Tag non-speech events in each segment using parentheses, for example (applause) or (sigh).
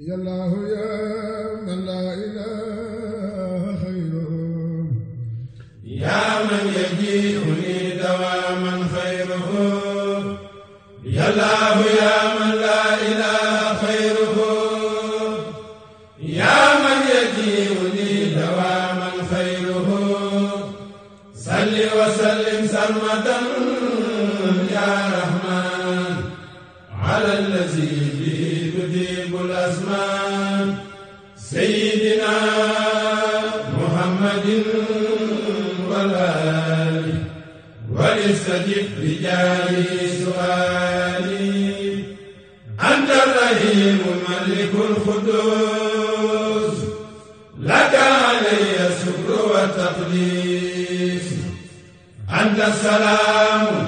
يا الله يا من لا إله جب بجاهي سؤالي أنت الرحيم الملك القدوس لك علي الشكر والتقديس أنت السلام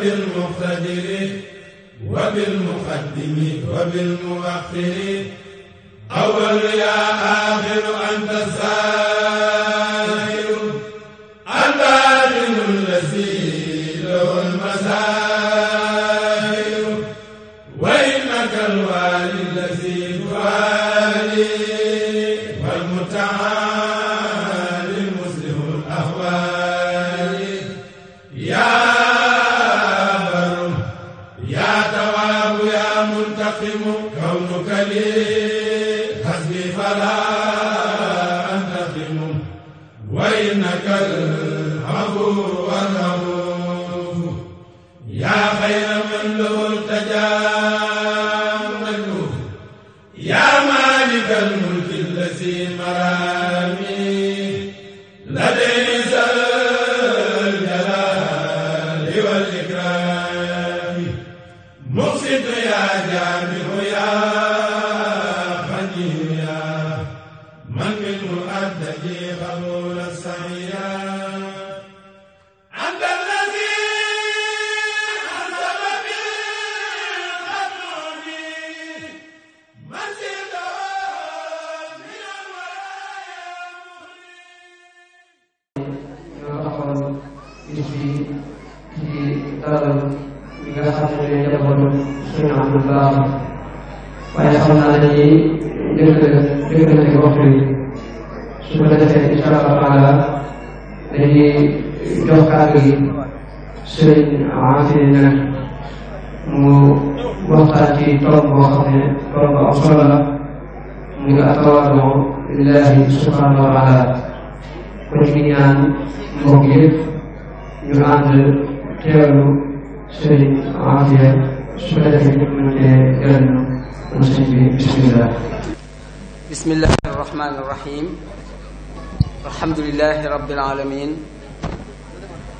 بالمقتدر وبالمقدم وبالمؤخر أول يا آخر أنت السابق bismillahi irrahmani irrahim alhamdulilahi rabbil alamin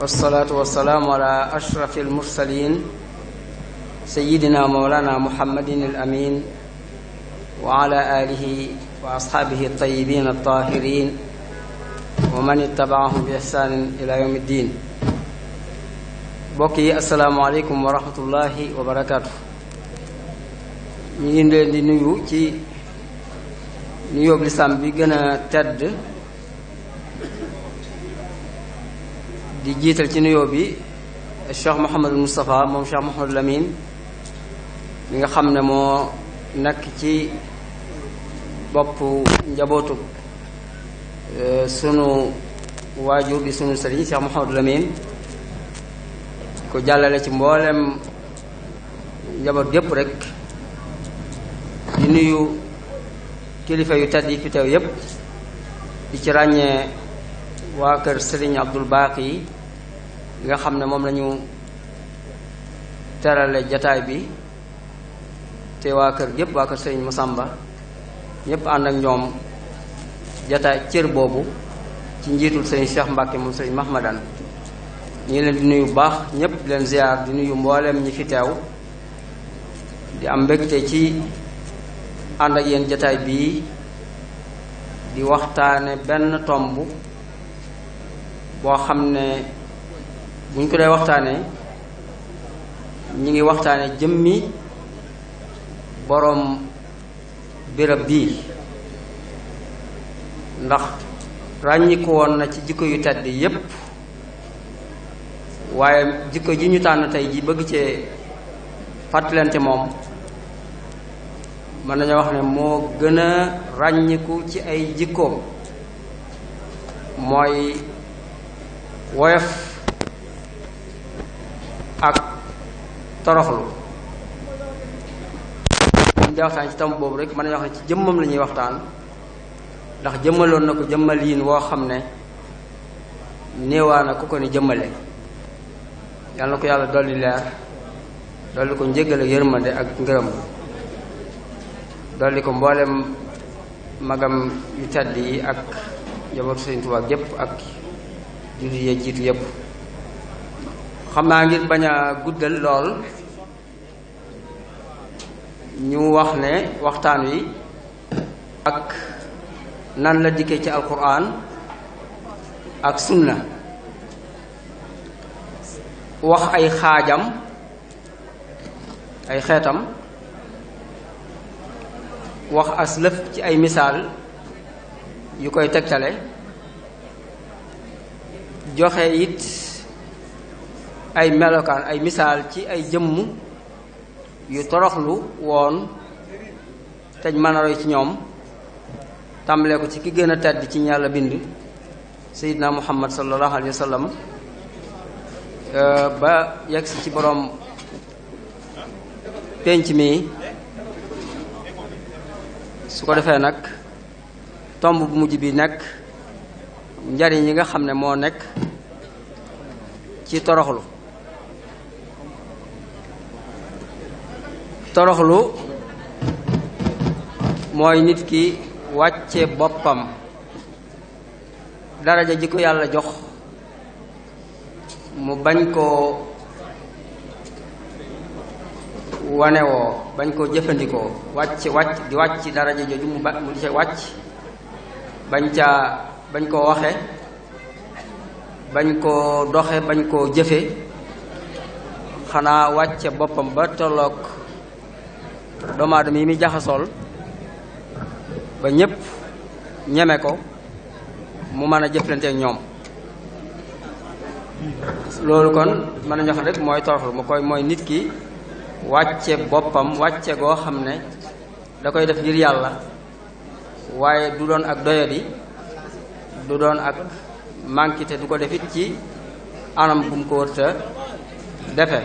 wasalaatu wasalaamu ala ashrafi almursalin sayidina mawlana muhammadin alamin wa ala alihi wa ashaabihi altayibin altahirin wa man ittabaahum bi ihsaanin ila yawmi ddin mbokk yi asalaamualeykum wa rahmatullahi wa barakaatu ñu ngi leen di nuyu ci nu yóbbu lislaam bi gën a tedd di jiital ci nuyoo bi Cheikh Mouhamadul Moustapha moom Cheikh Mouhamadul Amin mi nga xam ne moo nekk ci bopp njabootu euh, sunu waajur di sunu sëriñ Cheikh Mouhamadul Amin ko jàllale ci mboolem njaboot gépp rek di nuyu kilifa yu tedd yi fi teew yépp di ci ràññee waa kër Serigne Abdul Baaqi yi nga xam ne moom lañu terale jataay bi te waa kër gépp waa kër Serigne Masamba ñépp ànd ak ñoom jataay cër boobu ci njiitul Serigne Cheikh Mbacke moom Serigne Mahmadan ñu leen di nuyu baax ñépp di leen ziar di nuyu mbooleem ñi fi teew di am mbégte ci ànd ak yéen jataay bii di waxtaane benn tomb boo xam ne buñ ko dee waxtaane ñi ngi waxtaane jëmmi boroom bérab bii ndax ràññiku woon na ci jikko yu tedd yépp waaye jikko ji ñu tànn tey ji bëgg cee fàttalante moom mën nañoo wax ne moo gën a ràññiku ci ay jikkoom mooy woyof ak toroxlu di waxtaan ci tam boobu rek mën nañoo wax ne ci jëmmam la ñuy waxtaan ndax jëmmaloon na ko jëmmal yiin woo xam ne néewaa na ku ko ni jëmmale yàlla na ko yàlla dolli leer dolli ko njéggal ak yërmande ak ngërëm dolli ko mboolem magam yu tedd yi ak njabootu Sëriñ Tuubaa yépp ak jullit jiitu yépp xam naa ngir bañ a guddal lool ñu wax ne waxtaan wi ak nan la dikkee ci alquran ak sunna wax ay xaajam ay xeetam wax as lëf ci ay misaal yu koy tegtale joxe it ay melokaan ay misaal ci ay jëmm yu toroxlu woon teñ mën a ci ñoom tàmbalee ko ci ki gën a tedd ci ñàlla bind sayidna muhammad sallallahu alayhi wa euh, ba yegg ci boroom pénc mi su ko defee nag tomb bu mujj bi nekk njariñ li nga xam ne moo nekk ci toroxlu toroxlu mooy nit ki wàcce boppam daraja ji ko yàlla jox mu bañ koo wane woo bañ koo jëfandikoo wàcc wàcc di wàcc ci daraja jooju mu ba mu di ca wàcc bañ caa bañ koo waxe bañ koo doxe bañ koo jëfe xanaa wàcce boppam ba tolloog doomu aadama yi muy jaxasool ba ñépp ñeme ko mu mën a jëflante ñoom loolu kon mën nañu wax rek mooy toroxlu mu koy mooy nit ki wàcce boppam wàcce goo xam ne da koy def ngir yàlla waaye du doon ak doyadi du doon ak mànkite du ko defit ci anam bu mu ko wërta defe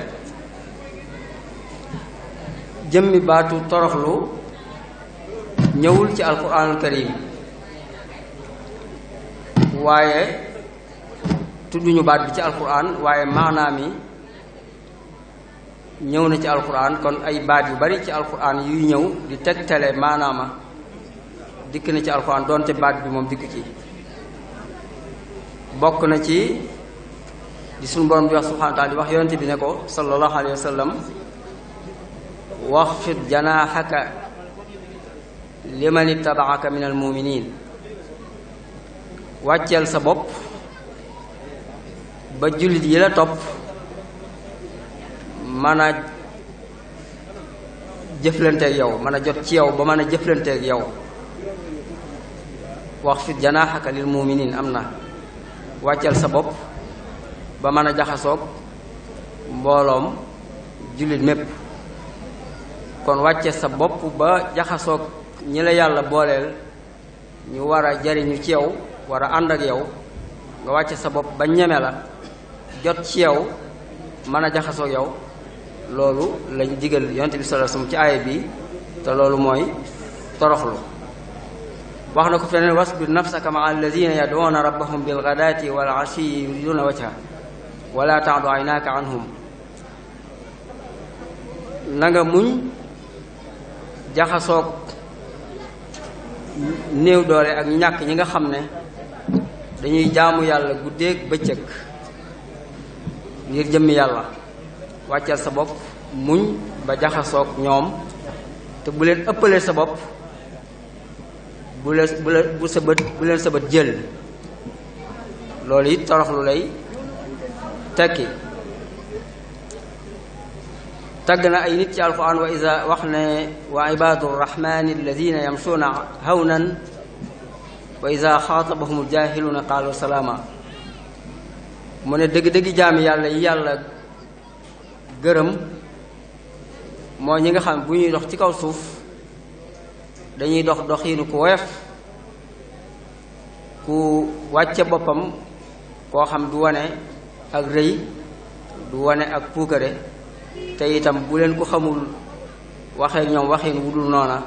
jëmmi baatu toroxlu ñëwul ci alquranul karim waaye tudduñu baat bi ci alquran waaye maanaam yi ñëw na ci alquran kon ay baat yu bari ci alquran yuy ñëw di tegtale maanaama dikk na ci alquran doonte baat bi moom dikk ci bokk na ci di suñu borom di wax subhanahu wax yonente bi ne ko sallallahu alayhi wa sallam waxfid janaaxaka liman ittabaaka min almuminin wàcceel sa bopp ba jullit yi la topp mën a jëflanteeg yow mën a jot ci yow ba mën a jëflanteeg yow wax fit janaaxaka lil muminin am na wàccal sa bopp ba mën a jaxasook mbooloom jullit mépp kon wàcce sa bopp ba jaxasook ñi la yàlla booleel ñu war a jariñu ci yow war a ànd ak yow nga wàcce sa bopp ba ñeme la jot ci yow mën a jaxasoog yow loolu lañu digal yonent bi sallallahu alayhi ci aaya bi te loolu mooy toroxlu wax na ko feneen wasbir nafsaka ma'a alladhina yad'una rabbahum bil ghadati wal 'ashiyyi yuriduna wajha wala ta'du 'aynaka 'anhum na nga muñ jaxasoog néew doole ak ñàkk ñi nga xam ne dañuy jaamu yàlla guddeeg bëccëg ngir jëmm yàlla wàcceel sa bopp muñ ba jaxasoog ñoom te bu leen ëppalee sa bopp bu leen sa bët bu jël loolu it toroxlu lay tekki tagg na ay nit ci alquran wa isa wax ne wa ibadu rrahmani alladina yamshuuna hawnan wa isa xaatabahum aljahiluuna qaalu salaama mu ne dëgg-dëgg jaami yàlla yi yàlla gërëm mooy ñi nga xam bu ñuy dox ci kaw suuf dañuy dox doxiinu ku woyof ku wàcce boppam koo xam du wane ak rëy du wane ak puukare te itam bu leen ko xamul waxee ñoom waxin wu dul noona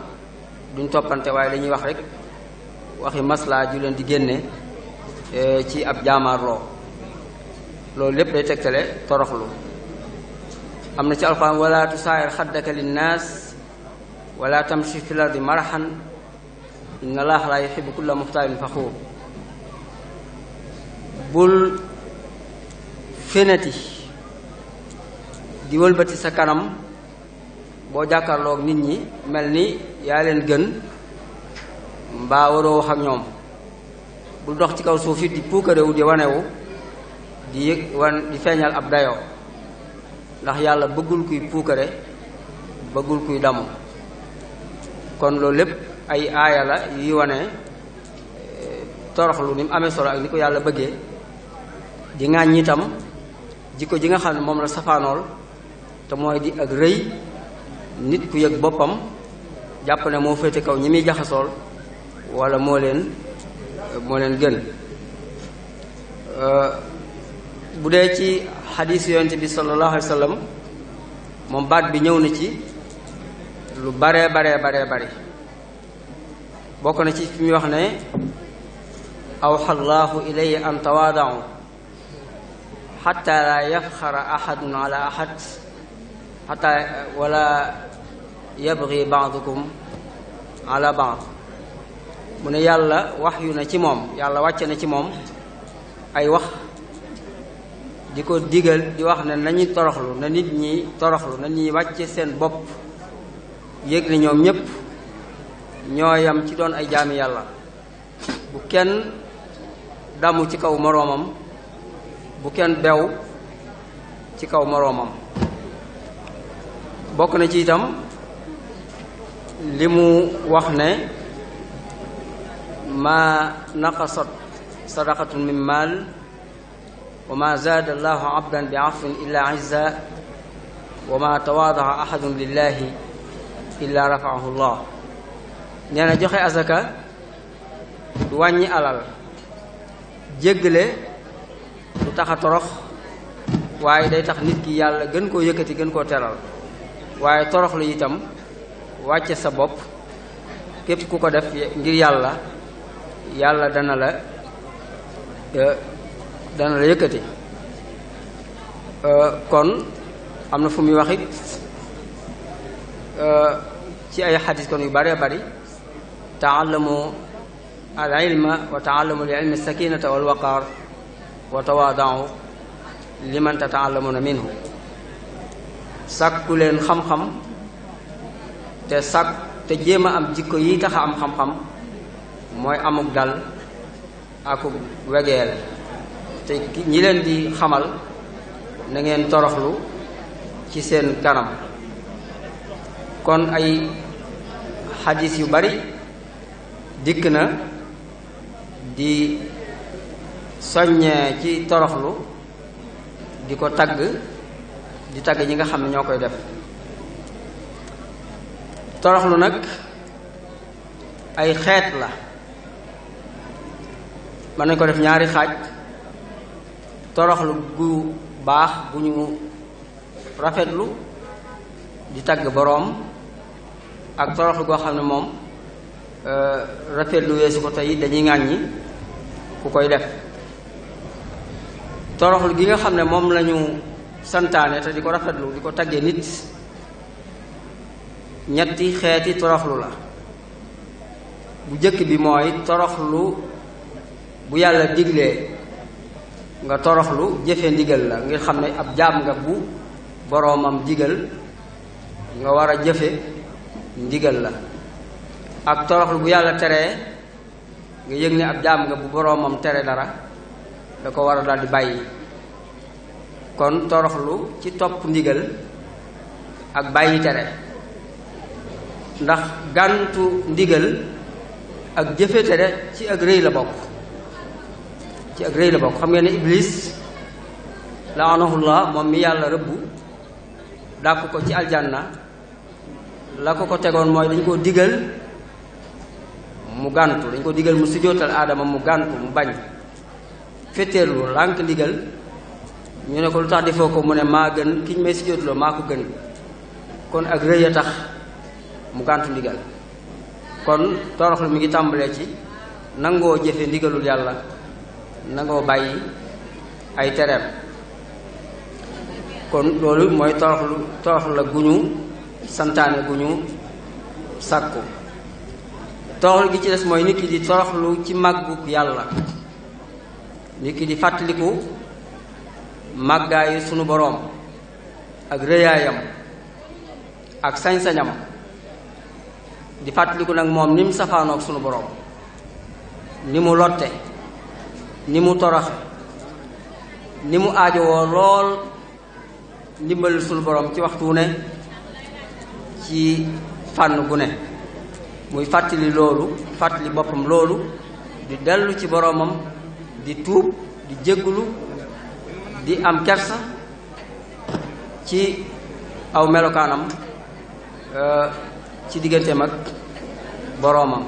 duñ toppante waaye dañuy wax rek waxi maslaa ju leen di génne eh, ci ab jaamaarloo loolu lépp day tegtale toroxlu am na ci alxuraan wala tusaayir xaddaka linnaas wala tamshi fil ardi maraxan inna allaha la yuhibbu kulla muxtaalin faxuur bul fenati di wëlbati sa kanam boo jàkkaarloog nit ñi mel ni yaa leen gën mbaa waroo wax ak ñoom bul dox ci kaw suuf it di puukarewu di wanewu di feeñal ab dayoo ndax yàlla bëggul kuy puukare bëggul kuy damu kon loolu lépp ay aaya la yi wane eh, toroxlu ni mu amee solo ak ni ko yàlla bëggee di ŋàññ itam jikko ji nga xam ne moom la safaanool te mooy di ak rëy nit ku yëg boppam jàpp ne moo féete kaw ñi muy jaxasool walla moo leen moo leen gën euh, bu dee ci xadiis yonent bi sallallahu alayhi wa sallam moom baat bi ñëw na ci lu baree baree baree bari bokk na ci fi muy wax ne awxa llahu ilayya an tawaadaau xata laa yafxara axadun ala axad xata wala yabgi baadukum ala baad mu ne yàlla wax yu na ci moom yàlla wàcce na ci moom ay wax di ko digal di wax na nañu toroxlu na nit ñi toroxlu na ñuy wàcce seen bopp yëg ne ñoom ñépp ñoo ci doon ay jaami yàlla bu kenn damu ci kaw moroomam bu kenn bew ci kaw moroomam bokk na ci itam li mu wax ne ma naqasat sadaqatun min maal وما زاد الله عبدا بعفو إلا عزا وما تواضع أحد لله إلا رفعه الله nee na joxe azaka du wàññi alal jéggale du tax a torox waaye day tax nit ki yàlla gën koo yëkkati gën koo teral waaye toroxlu itam wàcce sa bopp képp ku ko def ngir yàlla yàlla dana la eh, dana la yëkkati euh, kon am na fu muy wax it euh, ci ay xadis kon yu bëree bari taallamu al ilma wa taallamu li ilmi sakinata wal waqaar wa tawaadau liman tataalamuna minhu sàkku leen xam-xam te sàkk te jéem a am jikko yi tax a am xam-xam mooy amuk dal akuk wegeel te ñi leen di xamal nangeen toroxlu ci seen kanam kon ay xadis yu bari dikk na di soññee ci toroxlu di ko tagg di tagg yi nga xam ne ñoo koy def toroxlu nag ay xeet la mën nañ ko def ñaari xaaj toroxlu gu baax bu ñu rafetlu di tagg boroom ak toroxlu goo xam ne moom euh, rafetlu weesu ko tey dañuy ŋàññi ku koy def toroxlu gi nga xam ne moom lañu santaane te di ko rafetlu di ko taggee nit ñetti xeeti toroxlu la bu jëkk bi mooy toroxlu bu yàlla diglee nga toroxlu jëfe ndigal la ngir xam ne ab jaam nga bu boroomam digal nga war a jëfe ndigal la ak toroxlu bu yàlla teree nga yëg ne ab jaam nga bu boroomam tere dara da ko war a daal bàyyi kon toroxlu ci topp ndigal ak bàyyi tere ndax gàntu ndigal ak jëfe tere ci ak rëy la bokk ci ak rëy la bokk xam ngeen ne iblis laanahullah moom mi yàlla rëbbu dàq ko ci aljanna la ko ko tegoon mooy dañ koo digal mu gàntu dañ ko digal mu sujjóotal aadama mu gàntu mu bañ féeteerlu lànk ndigal ñu ne ko lu tax defoo ko mu ne maa gën ki ñu may sujjóotaloo maa ko gën kon ak rëy a tax mu gàntu ndigal kon toroxlu mu ngi tàmbalee ci nangoo jëfe ndigalul yàlla nangoo bàyyi ay tereem kon loolu mooy toroxlu torox la gu ñu santaane gu ñu sàkku toroxlu gi ci des mooy nit ki di toroxlu ci màggug yàlla nit ki di fàttaliku màggaay sunu boroom ak rëyaayam ak sañ-sañam di fàttaliku nag moom ni mu safaanoog sunu boroom ni mu lotte ni mu toroxe ni mu aajowoo lool ndimbalul sunu boroom ci waxtu ne ci fànn gu ne muy fàttali loolu fàttali boppam loolu di dellu ci boroomam di tuub di jéggulu di am kersa ci aw melokaanam euh, ci digganteem ak boroomam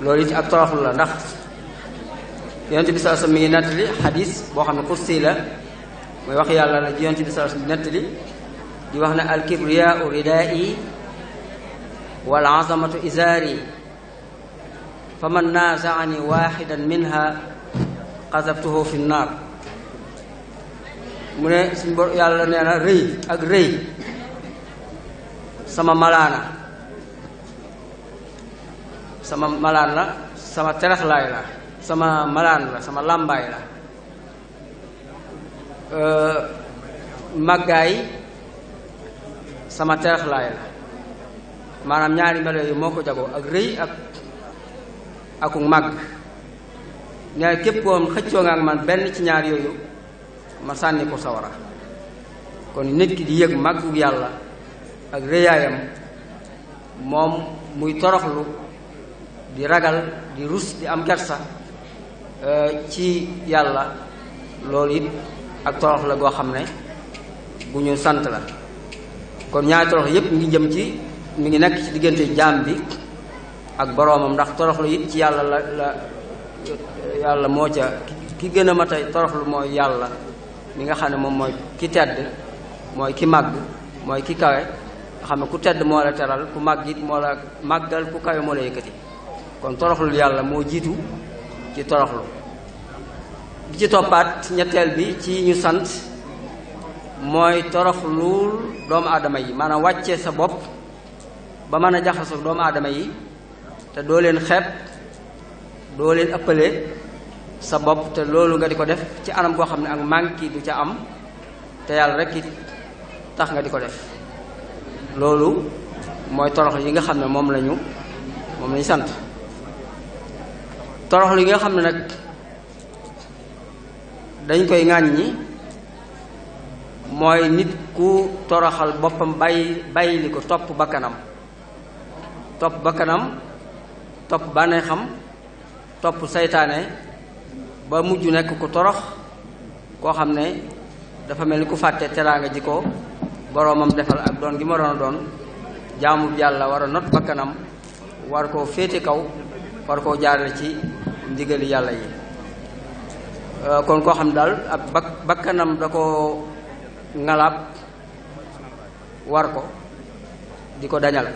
loolu it ak toroxlu la ndax yonent bi saa sam mi ngi xadis boo xam ne kursi la wax yàlla la ji yonent bi saa sam nettali di wax ne alkibriyaa ridaa'i wal azamatu izaari fa man naasaani waaxidan minha xasabtuhu fi naar mu ne suñ bor yàlla nee na rëy ak rëy sama malaana sama malaan la sama malaan la sama làmbaay la màggaay sama teraxlaay la maanaam ñaari melo yi moo ko jagoo ak rëy ak aku màgg ñaari képp koo xëccoo nga ak man benn ci ñaar yooyu ma sànni ko sawara kon nit ki di yëg màggu yàlla ak rëyaayam moom muy toroxlu di ragal di rus di am kersa Euh, ci yàlla loolu it ak torox la goo xam ne bu ñu sant la kon ñaari torox yépp mi ngi jëm ci mu ngi nekk ci diggante jaam bi ak boroomam ndax toroxlu it ci yàlla la la yàlla moo ca ki gën a matay toroxlu mooy yàlla mi nga xam ne moom mooy ki tedd mooy ki màgg mooy ki kawe nga xam ne ku tedd moo la teral ku màgg it moo la màggal ku kawe moo la yëkkati kon toroxlu yàlla moo jiitu ci toroxlu bi ci toppaat ñetteel bi ci ñu sant mooy toroxluul doomu aadama yi maanaam wàccee sa bopp ba mën a jaxasoo doomu aadama yi te doo leen xeeb doo leen ëppale sa bopp te loolu nga di ko def ci anam goo xam ne ak manki du ca am te yàlla rek it tax nga di ko def loolu mooy torox yi nga xam ne moom lañu moom lañu sant torox li nga xam ne nag dañ koy ŋàññi mooy nit ku toroxal boppam bàyyi bàyyi li ko topp bakkanam topp bakkanam topp bànneexam topp seytaane ba mujj nekk ko torox koo xam ne dafa mel ni ku fàtte teraanga ji ko boroomam defal ak doon gi ma doon a doon jaamu yàlla war a not bakkanam war koo féete kaw war koo jaarale ci ndigali yàlla yi euh, kon koo xam daal ab bakkanam da ko ngalaab war ko di ko dañal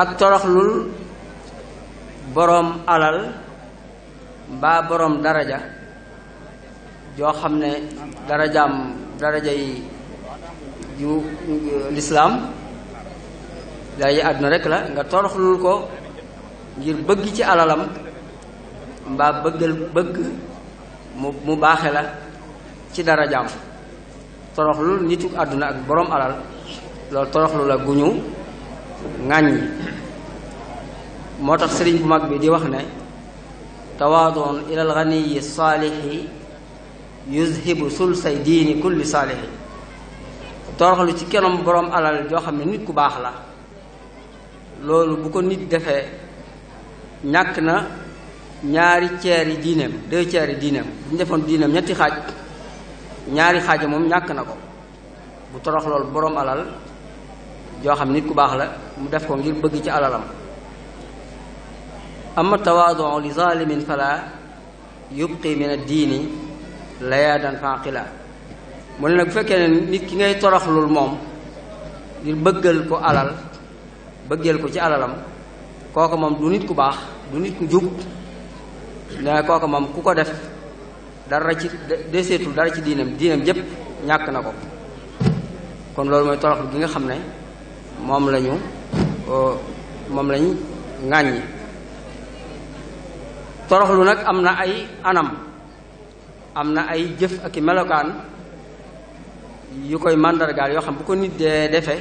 ak toroxlul boroom alal mbaa boroom daraja joo xam ne darajaam daraja yi ju lislaam daraja àdduna rekk la nga toroxlul ko ngir bëgg ci alalam mbaa bëggal bëgg mu mu baaxe la ci dara jaam toroxlu nitu àdduna ak boroom alal loolu toroxlu la guñu ŋàññi moo tax sëriñ bu mag bi di wax ne tawaadoon ilal ganiyi saalixi yuzhibu sul say diini kulli saalixi toroxlu ci kenoom boroom alal joo xam ne nit ku baax la loolu bu ko nit defee ñàkk na ñaari ceer yi diineem deux ceer diineem bu defoon diineem ñetti xaaj ñaari xaaja moom ñàkk na ko bu torox boroom alal joo xam nit ku baax la mu def ko ngir bëgg ci alalam ama tawaadon li zalimin fala yubqi min ad-diini layaadan faqila mu ne nag bu fekkee ne nit ki ngay toroxlul moom ngir bëggal ko alal bëggeel ko ci alalam kooka moom du nit ku baax du nit ku jub ne kooka moom ku ko def dara ci deseetul dara ci diinam diinam jëpp ñàkk na ko kon loolu mooy torox gi nga xam ne moom lañu moom lañu ŋàññi toroxlu nag am na ay anam am na ay jëf ak i melokaan yu koy màndargaal yoo xam bu ko nit dee defe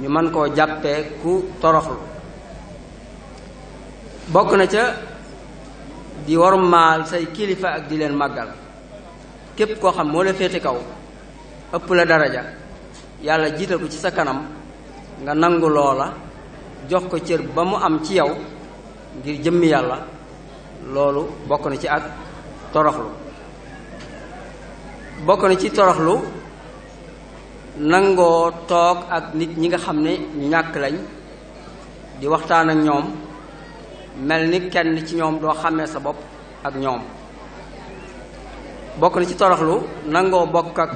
ñu mën koo jàppee ku toroxlu bokk na ca di war maal say kilifa ak di leen màggal képp koo xam moo la féete kaw ëpp la daraja yàlla jiital ko ci sa kanam nga nangu loola jox ko cër ba mu am ci yow ngir jëmm yàlla loolu bokk na ci ak toroxlu bokk na ci toroxlu nangoo toog ak nit ñi nga xam ne ñu ñàkk lañ di waxtaan ak ñoom mel ni kenn ci ñoom doo xàmmee sa bopp ak ñoom bokk na ci toroxlu nangoo bokk ak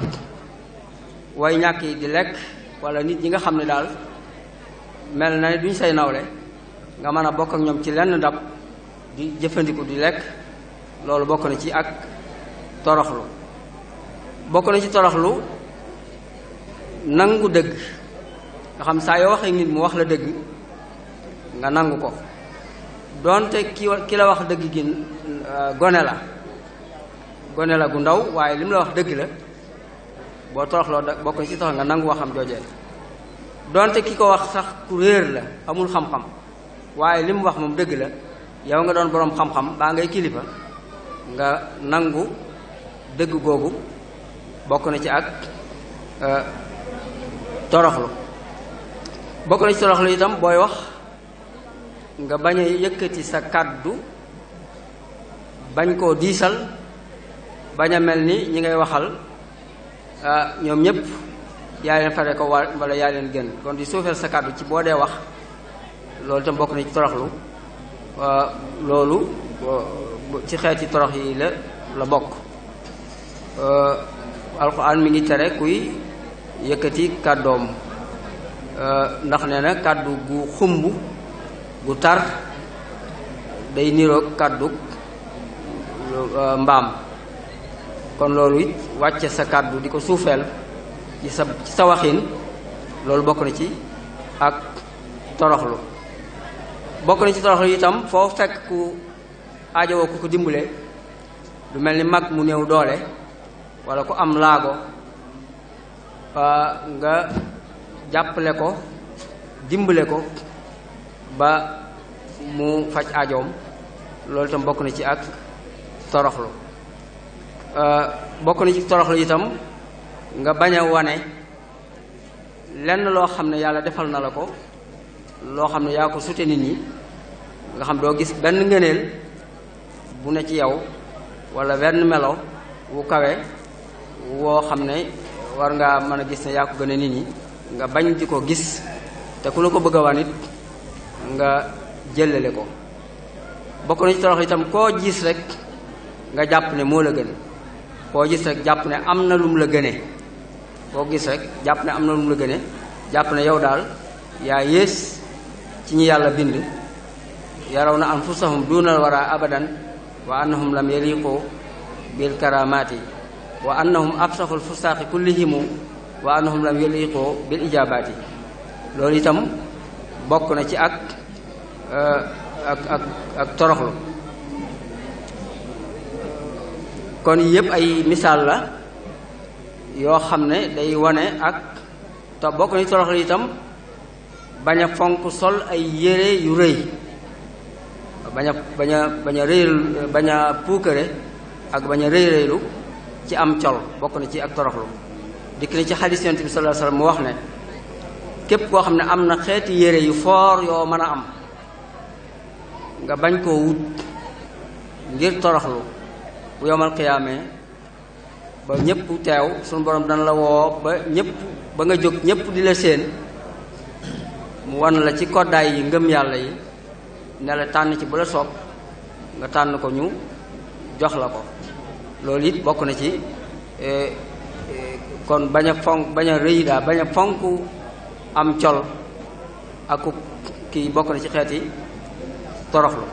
way ñàkk yi di lekk wala nit ñi nga xam ne daal mel na duñ say nawle nga mën a bokk ak ñoom ci lenn ndab di jëfandiku di lekk loolu bokk na ci ak toroxlu bokk na ci toroxlu nangu dëgg nga xam saa yoo waxee ngi mu wax la dëgg nga nangu ko doonte ki ki la wax dëgg gi euh, gone la gone la gu ndaw waaye li mu la wax dëgg la boo toroxloo da bokk ci tax nga nangu waxam joojee ki ko wax sax ku réer la amul xam waaye li mu wax moom dëgg la yow nga doon boroom xam-xam kilifa nga nangu dëgg googu bokk na ci ak euh, toroxlu bokk na ci toroxlu itam booy wax nga bañ a yëkkati sa kàddu bañ koo diisal bañ a mel ni ñi ngay waxal ah, ñoom ñépp yaa leen fare ko wala yaa leen gën kon di suufeel sa kàddu ci boo dee wax loolu itam bokk na ci ah, loolu ci xeeti torox yi la la bokk ah, alxuraan mi ngi tere kuy yëkkati kàddoom ndax nee na kàddu gu xumb gu tar day niroog kàddug euh, mbaam kon loolu it wàcce sa kàddu di ko suufeel ci sa sa waxin loolu bokk na ci ak toroxlu bokk na ci toroxlu itam foo fekk ku aajowoo ku ko dimbale lu mel ni mag mu néew doole walla ku am laago euh, nga jàppale ko dimbale ko ba mu faj ajoom loolu itam bokk na ci ak toroxlu euh, bokk na ci toroxlu itam nga bañ a wane lenn loo xam ne yàlla defal na la ko loo xam ne yaa ko sute nit ñi nga xam doo gis benn ngëneel bu ne ci yow wala benn melo wu kawe woo xam ne war nga mën a gis ne yaa ko gën a nit ñi nga bañ di ko gis te ku la ko bëgg wan it nga jëlale ko bokk na ci torox itam koo gis rek nga jàpp ne moo la gën koo gis rek jàpp ne am na lum la gëne koo gis rek jàpp ne am na lum la gëne jàpp ne yow daal yaa yées ci ñi yàlla bind yaraw na anfusahum duunal wara abadan wa annahum lam yaliqu bil karamati wa annahum absaxul fustaaqi kullihimu wa annahum lam yaliqu bil ijabaati loolu itam bokk na ci ak Euh, ak ak ak toroxlu kon yëpp ay misaal la yoo xam ne day wane ak te bokk ni toroxlu itam bañ a fonk sol ay yére yu rëy bañ a bañ a bañ puukare ak bañ a rëy ci am col bokk na ci ak toroxlu dikk na ci xadis yonent bi sallallahu alayhi wasallam mu wax ne képp koo xam ne am na xeeti yére yu foor yoo mën a am nga bañ koo wut ngir toroxlu bu yomal xiyaamee ba ñépp teew suñu borom dana la woo ba ñépp ba nga jóg ñépp di la séen mu wan la ci koddaay yi ngëm yàlla yi ne la tànn ci bu la soob nga tànn ko ñu jox la ko loolu it bokk na ci e, e, kon bañ a fonk bañ rëy daa bañ a fonk am col ak kii bokk na ci xeet yi toroxlu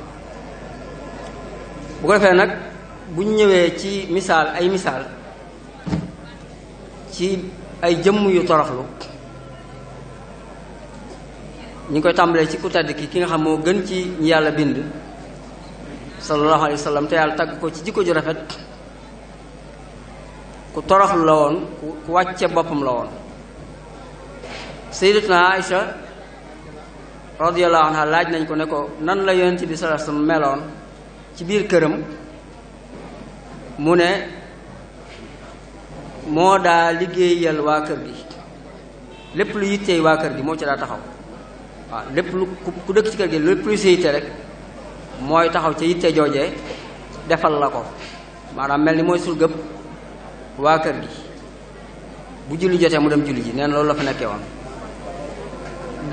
bu ko defee nag bu ñëwee ci misaal ay misaal ci ay jëmm yu toroxlu ñu ngi koy tàmbalee ci ku tedd ki ki nga xam moo gën ci ñi yàlla bind sallallahu alayhi wa sallam te yàlla tagg ko ci jikko ju rafet ku toroxlu la woon ku wàcce boppam la woon sayyidatuna Aïcha radiyallahu anha laaj nañ ko ne ko nan la yonent bi sallallahu alayhi wasallam meloon ci biir këram mu ne moo daa liggéeyal waa kër gi lépp lu yitteey waa kër gi moo ci daa taxaw waaw lépp lu ku dëkk ci kër gi lépp lu sa yitte rek mooy taxaw ci yitte joojee defal la ko maanaam mel ni mooy surgëb waa kër gi bu julli jotee mu dem julli ji neen loolu la fa nekkee woon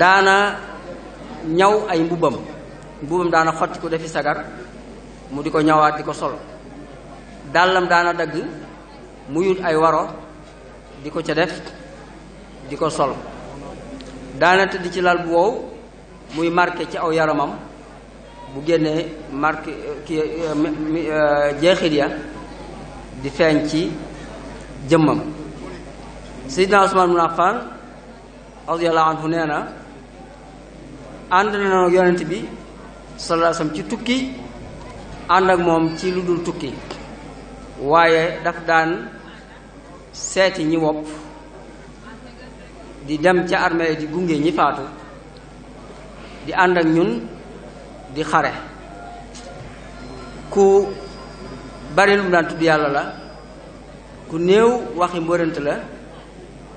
daana ñaw ay mbubbam mbubbam daana xotti ko defi sagar mu di ko ñawaat di ko sol dàllam daana dagg mu yut ay waro di ko ca def di ko sol daana tëdd ci lal bu wow muy marqué ci aw yaramam bu génnee marqué ki eh, jeexit ya di feeñ ci jëmmam Seydina Usmaan bin Affan radiyallahu anhu nee na ànd na yonent bi sallallahu alayhi ci tukki ànd ak moom ci lu dul tukki waaye daf daan seeti ñi wopp di dem ca armée di gunge ñi faatu di ànd ak ñun di xare ku bari lu mu daan tudd yàlla la ku néew waxi mbërënt la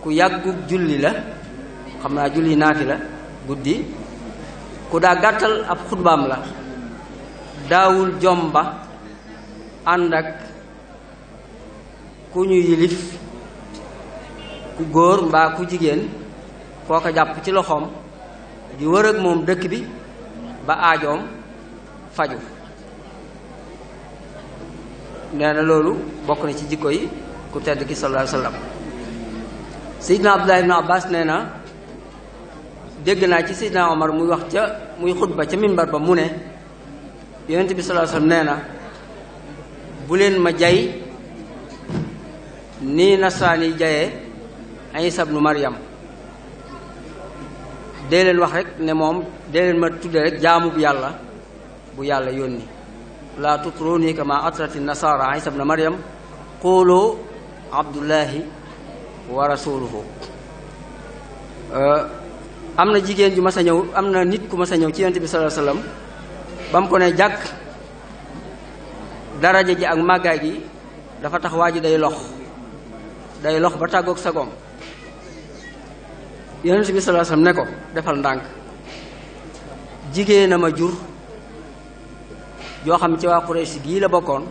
ku yàggu julli la xam naa julli naati la guddi ku daa gàttal ab xutbaam la daawul jomba ànd ak ku ñu yilif ku góor mbaa ku jigéen koo ko jàpp ci loxoom di wër ak moom dëkk bi ba aajoom faju nee na loolu bokk na ci jikko yi ku tedd ki sallallahu wa sallam Seydina Abdullah ibn Abbas nee na dégg naa ci Seydina Omar muy wax ca muy xutba ca mimbar ba mu ne yonent bi sallallahu alayhi nee na bu leen ma jay nii nasraan yi jayee Isa ibnu Maryam de leen wax rek ne moom dee leen ma tudde rek jaamu yàlla bu yàlla yónni laa tutruni kama atrati nasara Isa ibnu Maryam qulu abdullahi wa am na jigéen ju ma a ñëw am na nit ku mas a ñëw ci yonent bi sallallahu alayhi wasallam ba mu ko ne jàkk daraja ji ak màggaay gi dafa tax waa ji day lox day lox ba tàggoog sagoom yonent bi sallallahu alayhi ne ko defal ndànk jigéen a ma jur joo xam ci waa Quraysh gii la bokkoon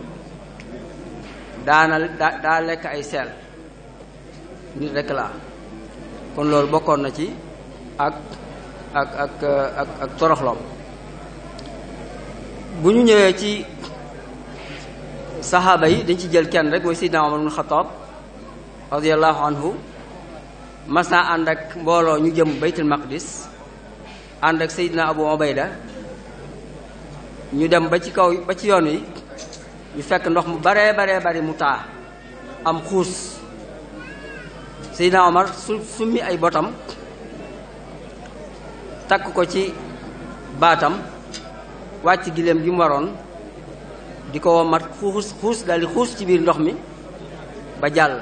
daana daa lekk ay seel nit rekk laa kon loolu bokkoon na ci ak ak ak ak bu ñu ñëwee ci saxaaba yi dañ ci jël kenn rek mooy Seydina Omar ibn Xataab radiallahu anhu mas ànd ak mbooloo ñu jëm baytul maqdis ànd ak Seydina Abu Ubayda ñu dem ba ci kaw ba ci yoon wi ñu fekk ndox mu baree baree bari mu taa am xuus Seydina Omar su summi ay botam takk ko ci baatam wàcc gileem gi mu waroon di ko mat xuus xuus daal xuus ci biir ndox mi ba jàll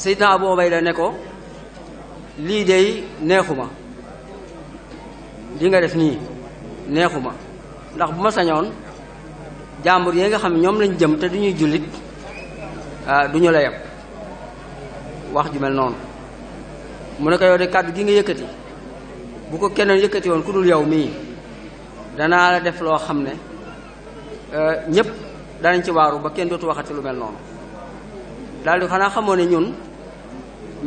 Seydina Abu Ubayda ne ko lii dey neexuma li nga def nii neexu ma ndax bu ma sañoon jàmbur yi nga xam ñoom lañ jëm te duñuy jullit ah, du ñu la yem wax ju mel noonu mu ne ko yow kàddu gi nga yëkkati bu ko keneen yëkkati woon ku dul yow mii danaa la def loo xam ne euh, ñépp danañ ci waaru ba kenn dootu waxati lu mel noonu daal xanaa xamoo ne ñun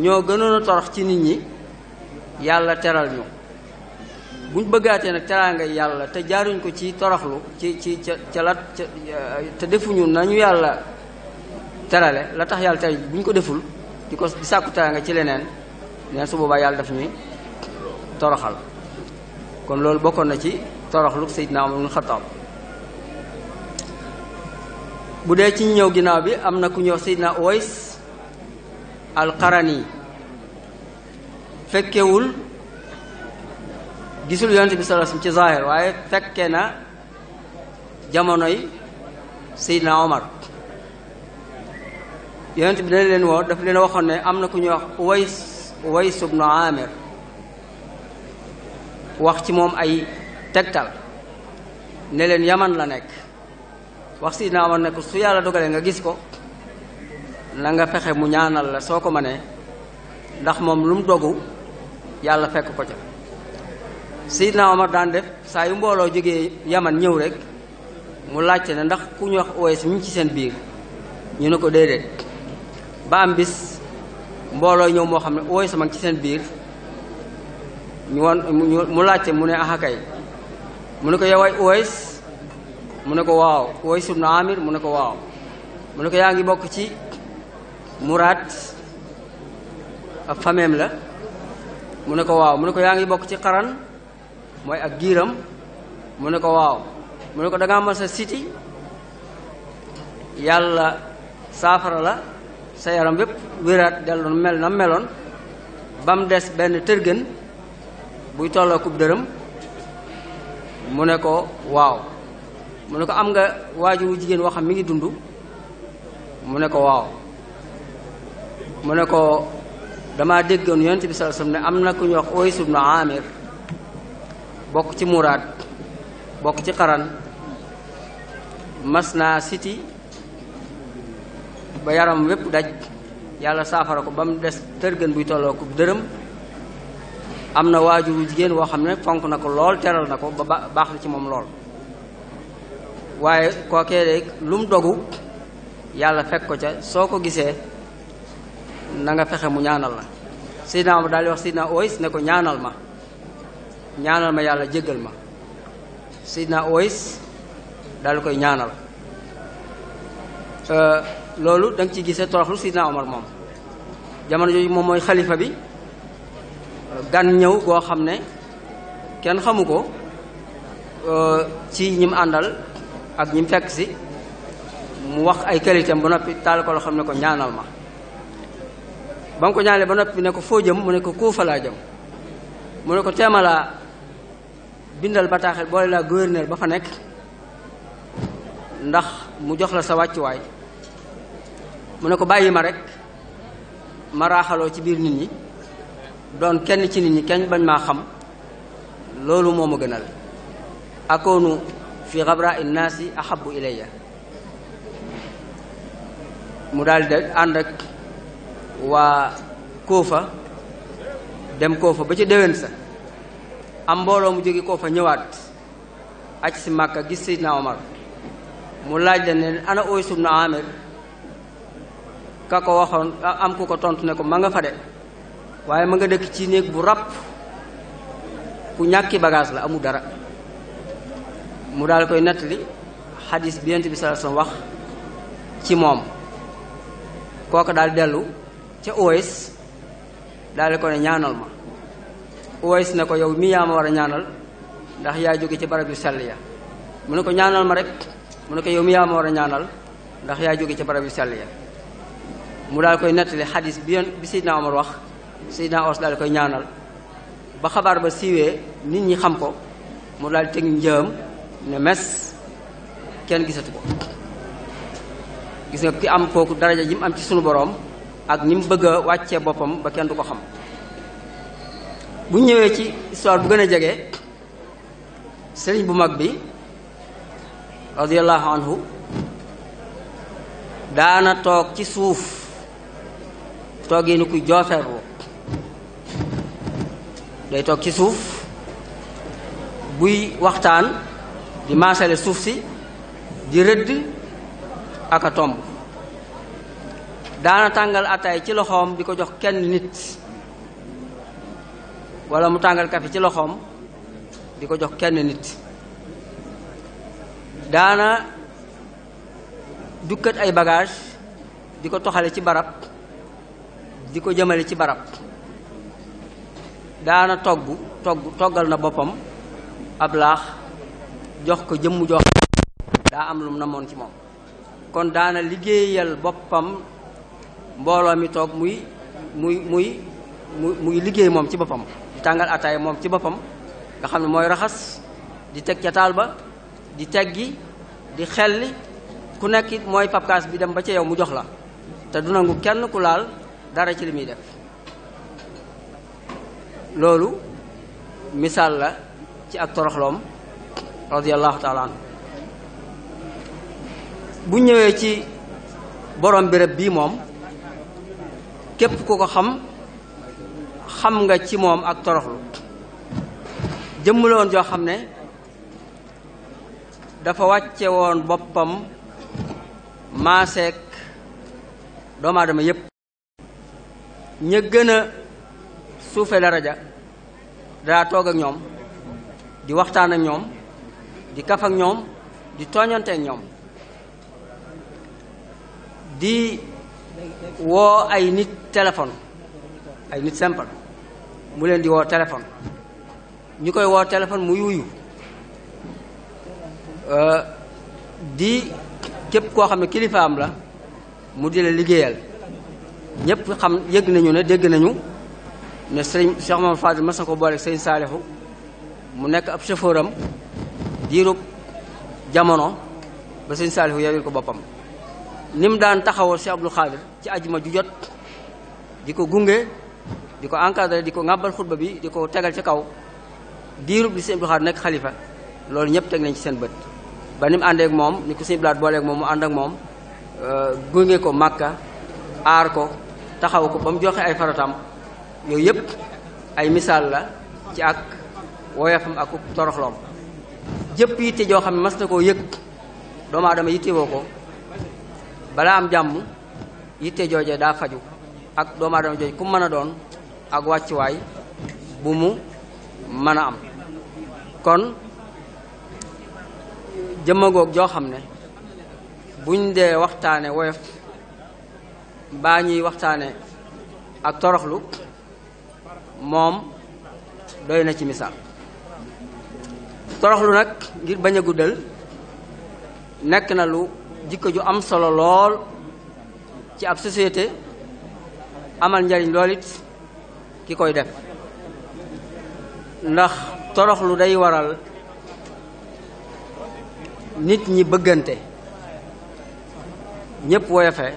ñoo gënoon a torox ci nit ñi yàlla teral ñu buñ bëggaatee nag teraanga yàlla te jaaruñ ko ci toroxlu ci ci ca ca la euh, te defuñu nañu yàlla terale la tax yàlla tey buñ ko deful di ko di sàkku teraanga ci leneen neen su boobaa yàlla daf ñuy toroxal kon loolu bokkoon na ci toroxlu Seydina Umar ibn bu dee ci ñëw ginnaaw bi am na ku ñëw Seydina Uways al-Qarani fekkewul gisul yonent bi sallallahu alayhi wasallam ci zaahir waaye fekke na jamonoy Seydina Omar yonent bi dana leen woo daf leen waxoon ne am na ku ñuy wax Uways Uways ibnu Amir wax ci moom ay tegtal ne leen yaman la nekk wax si naa war ne ko su yàlla dogalee nga gis ko na nga fexe mu ñaanal la soo ko manee ndax moom lu mu dogu yàlla fekk ko ca Seydina Omar daan def saa yu mbooloo jógee yaman ñëw rek mu laajte ne ndax ku ñu wax Uways mi ci seen biir ñu ne ko déedéet ba am bis mbooloo ñëw moo xam ne Uways sama ci seen biir ñu wan mu laajte mu ne axakay mu ne ko yoway Uways mu ne ko waaw Uways na Amir mu ne ko waaw mu ne ko yaa ngi bokk ci Muraad ab fameem la mu ne ko waaw mu ne ko yaa ngi bokk ci xaran mooy ak giiram mu ne ko waaw mu ne ko da ngaa sa siti yàlla saafara la sa yaram bépp wéraat delloon mel na meloon ba des benn tërgën buy tolloo kub mu ne ko waaw mu ne ko am nga waajur wu jigéen woo xam mi ngi dund mu ne ko waaw mu ne ko damaa déggoon yonent bi sallallahu alayhi ne am na ku ñuy wax Uways ibn Amir bokk ci Muraad bokk ci xaran mas naa siti ba yaram wépp daj yàlla saafara ko ba mu des tërgën buy tolloo kub am na waajur jigéen woo xam ne fonk na ko lool teral na ko ba baax na ci moom lool waaye kookee de lu mu dogu yàlla fekk ko ca soo ko gisee nanga fexe mu ñaanal la Seydina Omar daal di wax Seydina Oys ne ko ñaanal ma ñaanal ma yàlla jéggal ma Seydina Oys dal di koy ñaanal euh, loolu danga nga ci gisee toroxlu Seydina Omar moom jamono jooju moom mooy xalifa bi gan ñëw goo xam ne kenn xamu ko euh, ci ñim àndal ak ñim fekk si mu wax ay qualitéem ba noppi taal ko loo xam ne ko ñaanal ma ba ko ñaanale ba noppi ne ko foo jëm mu ne ko Kuufa laa jëm mu ne ko teemalaa bindal bataaxel boole laa gouverneur ba fa nekk ndax mu jox la sa wàccuwaay mu ne ko bàyyi ma rek ma raaxaloo ci biir nit ñi doon kenn ci nit ñi kañ bañ maa xam loolu moo ma gënal akoonu fi xabra innaasi ahabu ilayya mu daal di ànd ak waa Koofa dem Koofa ba ci déwén sa am mbooloo mu jóge Koofa ñëwaat aj si Màkka gis Seydina Omar mu laaj la ne ana Uways ibn Aamir ka ko waxoon am ku ko tontu ne ko ma nga fa de waaye ma nga dëkk ci néeg bu rab ku ñàkki bagage la amul dara mu daal koy nettali xadis bi yonent bi sallallahu wax ci moom kooka daal dellu ca Uways daal di ko ne ñaanal ma Uways ne ko yow mii yaa ma war a ñaanal ndax yaa jóge ci barab yu sell ya mu ne ko ñaanal ma rek mu ne ko yow mii war a ñaanal ndax yaa jóge ci barab yu sell ya daal koy nettali xadis bi yoon bi Seydina Omar wax Seydina Aws daal di koy ñaanal ba xabaar ba siiwee nit ñi xam ko mu daal di teg njëm ne mes kenn gisatu ko gis nga ki am kooku daraja ji mu am ci sunu boroom ak ni mu bëgg a wàccee boppam ba kenn du ko xam bu ñëwee ci histoire bu gën a jege sëriñ bu mag bi radiyallahu anhu daana toog ci suuf toogee kuy ku joofeerlu day toog ci suuf buy waxtaan di maasale suuf si di rëdd ak tomb daana tàngal ataay ci loxoom di ko jox kenn nit wala mu tàngal kafe ci loxoom di ko jox kenn nit daana dukkat ay bagage di ko toxale ci barab di ko jëmale ci barab daana togg togg toggal na boppam ab laax jox ko jëmm jox daa am lum namoon ci moom kon daana liggéeyal boppam mbooloo mi toog muy muy muy muy liggéey moom ci boppam di tàngal ataay moom ci boppam nga xam ne mooy raxas di teg ca taal ba di teggi di xelli ku nekk mooy papkaas bi dem ba ca yow mu jox la te du nangu kenn ku laal dara ci li muy def loolu misaal la ci ak toroxloom radiallahu taala anhu bu ñëwee ci borom bërëb bii moom képp ku ko xam xam nga ci moom ak toroxlu jëmm la woon joo xam ne dafa wàcce woon boppam maaseek doomaadama yépp ña suufee daraja daa toog ak ñoom di waxtaan ak ñoom di kaf ak ñoom di tooñante ak ñoom di woo ay nit téléphone ay nit simple mu leen di woo téléphone ñu koy woo téléphone mu yuuyu euh, di képp koo xam ne kilifaam la mu di la liggéeyal ñépp xam yëg nañu ne dégg nañu ne sëriñ Cheikh Mamadou Fadil mas ko booleeg sëriñ Saalihu mu nekk ab chauffeur am diirub jamono ba sëriñ Saalihu yewil ko boppam ni mu daan taxawal Cheikh Abdou Khadir ci ajuma ju jot di ko gunge di ko encadré di ko ŋàbbal xutba bi di ko tegal ci kaw diirub li sëriñ Abdou Khadir nekk xalifa loolu ñëpp teg nañ ci seen bët ba ni mu àndeek moom ni ko sëriñ Blaat booleeg moom mu ànd ak moom euh, gunge ko Màkka aar ko taxaw ko ba mu joxe ay faratam yooyu yëpp ay misaal la ci ak woyofam ak toroxloom jëpp yitte joo xam ne mas na koo yëg doomu aadama yittewoo ko balaa am jàmm yitte jooje daa faju ak doomu aadama jooje ku mën a doon ak wàccuwaay bu mu mën a am kon jëmmagoog joo xam ne buñ dee waxtaane woyof baa ñuy waxtaane ak toroxlu moom doy na ci misaal toroxlu nag ngir bañ a guddal nekk na lu jikko ju am solo lool ci ab société amal njariñ lool it ki koy def ndax toroxlu day waral nit ñi bëggante ñépp woyofe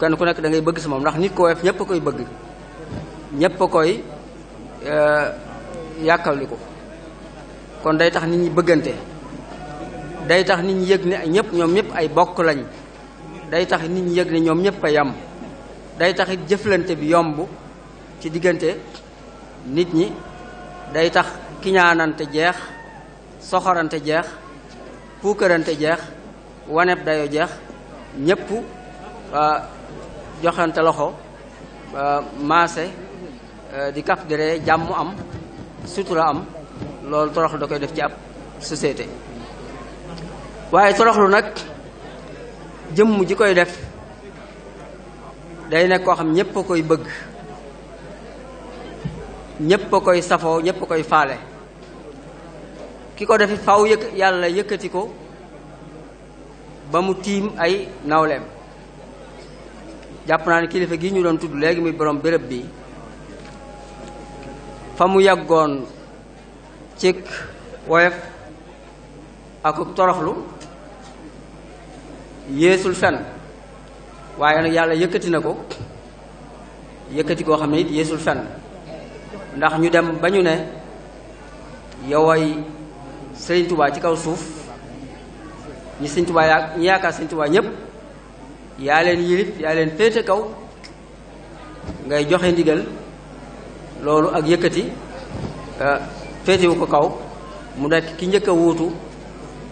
kenn ku nekk da ngay bëgg sa moom ndax nit ko woyof ñépp koy bëgg ñépp a koy euh, yàkkamliku kon day tax nit ñi bëggante day tax nit ñi yëg ne ñépp ñoom ñépp ay bokk lañ day tax nit ñi yëg ne ñoom ñépp a yam day tax jëflante bi yomb ci diggante nit ñi day tax kiñaanante jeex soxorante jeex puukarante jeex waneb dayo jeex ñépp euh, joxante loxo euh, maase Euh, di kaf di jàmm am sutura am loolu toroxlu da koy def ci ab société waaye toroxlu nag jëmm ji koy def day nekk koo xam ñépp koy bëgg ñépp a koy safoo ñépp koy faale ki ko defi faw yëkk yàlla yëkkati ko ba mu tiim ay nawleem jàpp naa ne kilifa gi ñu doon tudd léegi muy borom béréb bi fa mu yàggoon cig woyof akuk toroxlu yéesul fen waaye nag yàlla yëkkati na ko yëkkati koo xam ne it yéesul fen ndax ñu dem ba ñu ne yoway sëriñ tubaa ci kaw suuf ñi sëriñ tubaa ñi yaakaar sëriñ tubaa ñépp yaa leen yilif yaa leen féete kaw ngay joxe ndigal loolu ak yëkkati féetewu ko kaw mu nekk ki njëkk a wuutu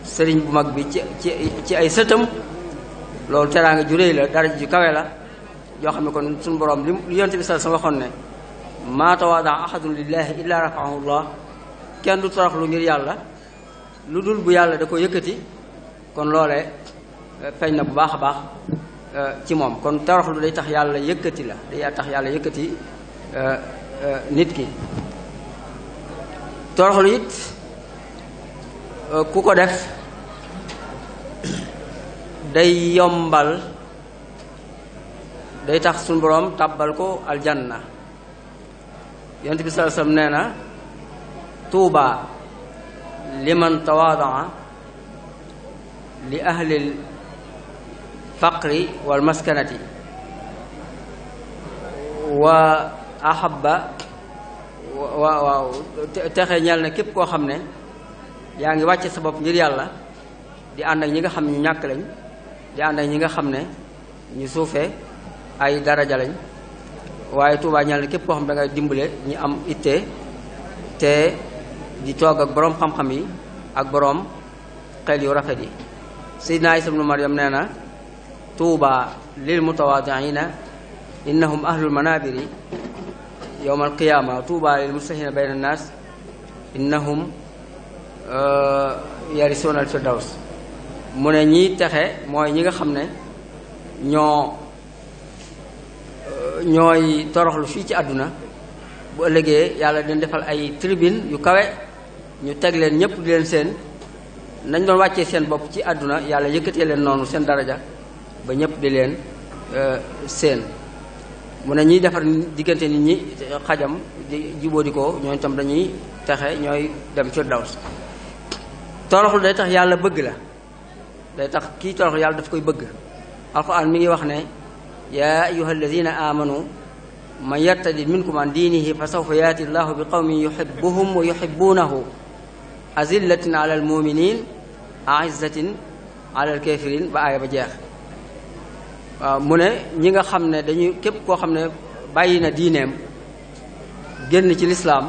sëriñ bu mag bi ci ci ay sëtam loolu teraanga ju réy la dara ju kawe la yoo xam ne kon suñu boroom li yont bi sal sa waxoon ne maa tawaada ahadun lillahi illa rafaahu kenn du toroxlu ngir yàlla lu dul bu yàlla da ko yëkkati kon loolee eh, feeñ na bu baax a baax eh, ci moom kon toroxlu day tax yàlla yëkkati la day tax yàlla yëkkati eh, Euh, nit ki toroxlu it euh, ku ko def day yombal day tax suñu boroom tàbbal ko aljanna yonent bi sallallahu alayhi wasallam nee na tuuba liman tawaadaa li ahlil faqri wal maskanati wa ahabba waaw waaw texe ñeel na képp koo xam ne yaa ngi wàcce sa bopp ngir yàlla di ànd ak ñi nga xam ñu ñàkk lañ di ñi nga xam ne ñu suufee ay daraja waaye Tuubaa ñeel na képp koo xam ne dangay dimbale ñi am ittee te di toog ak boroom xam-xam yi ak boroom xel yu rafet yi si Seydina Isa ibnu Maryam nee na tuubaa lil mutawaadiina innahum ahlul manaabiri yowma alqiyaama tuuba lil muslihina bayna annaas innahum yarisuuna al firdaws mu ne ñiy texe mooy ñi nga xam ne ñoo ñooy toroxlu fii ci àdduna bu ëllëgee yàlla dina defal ay tribune yu kawe ñu teg leen ñépp di leen seen nañ doon wàccee seen bopp ci àdduna yàlla yëkkatee leen noonu seen daraja ba ñépp di leen euh, seen mu ne ñiy defar diggante nit ñi xajam di jubóodikoo tam dañuy texe ñooy dem firdaws toroxlu day tax yàlla bëgg la day tax kii toroxlu yàlla daf koy bëgg alquran mi ngi wax ne yaa ayuha alladina amanu man yartadi minkum an diinihi fa sawfa yaati llahu bi qawmin yuhibuhum wa yuhibuunahu azillatin ala almuminin aizatin ala alkafirin ba aaya ba jeex waaw euh, mu ne ñi nga xam ne dañuy képp koo xam ne bàyyi na diineem génn ci lislaam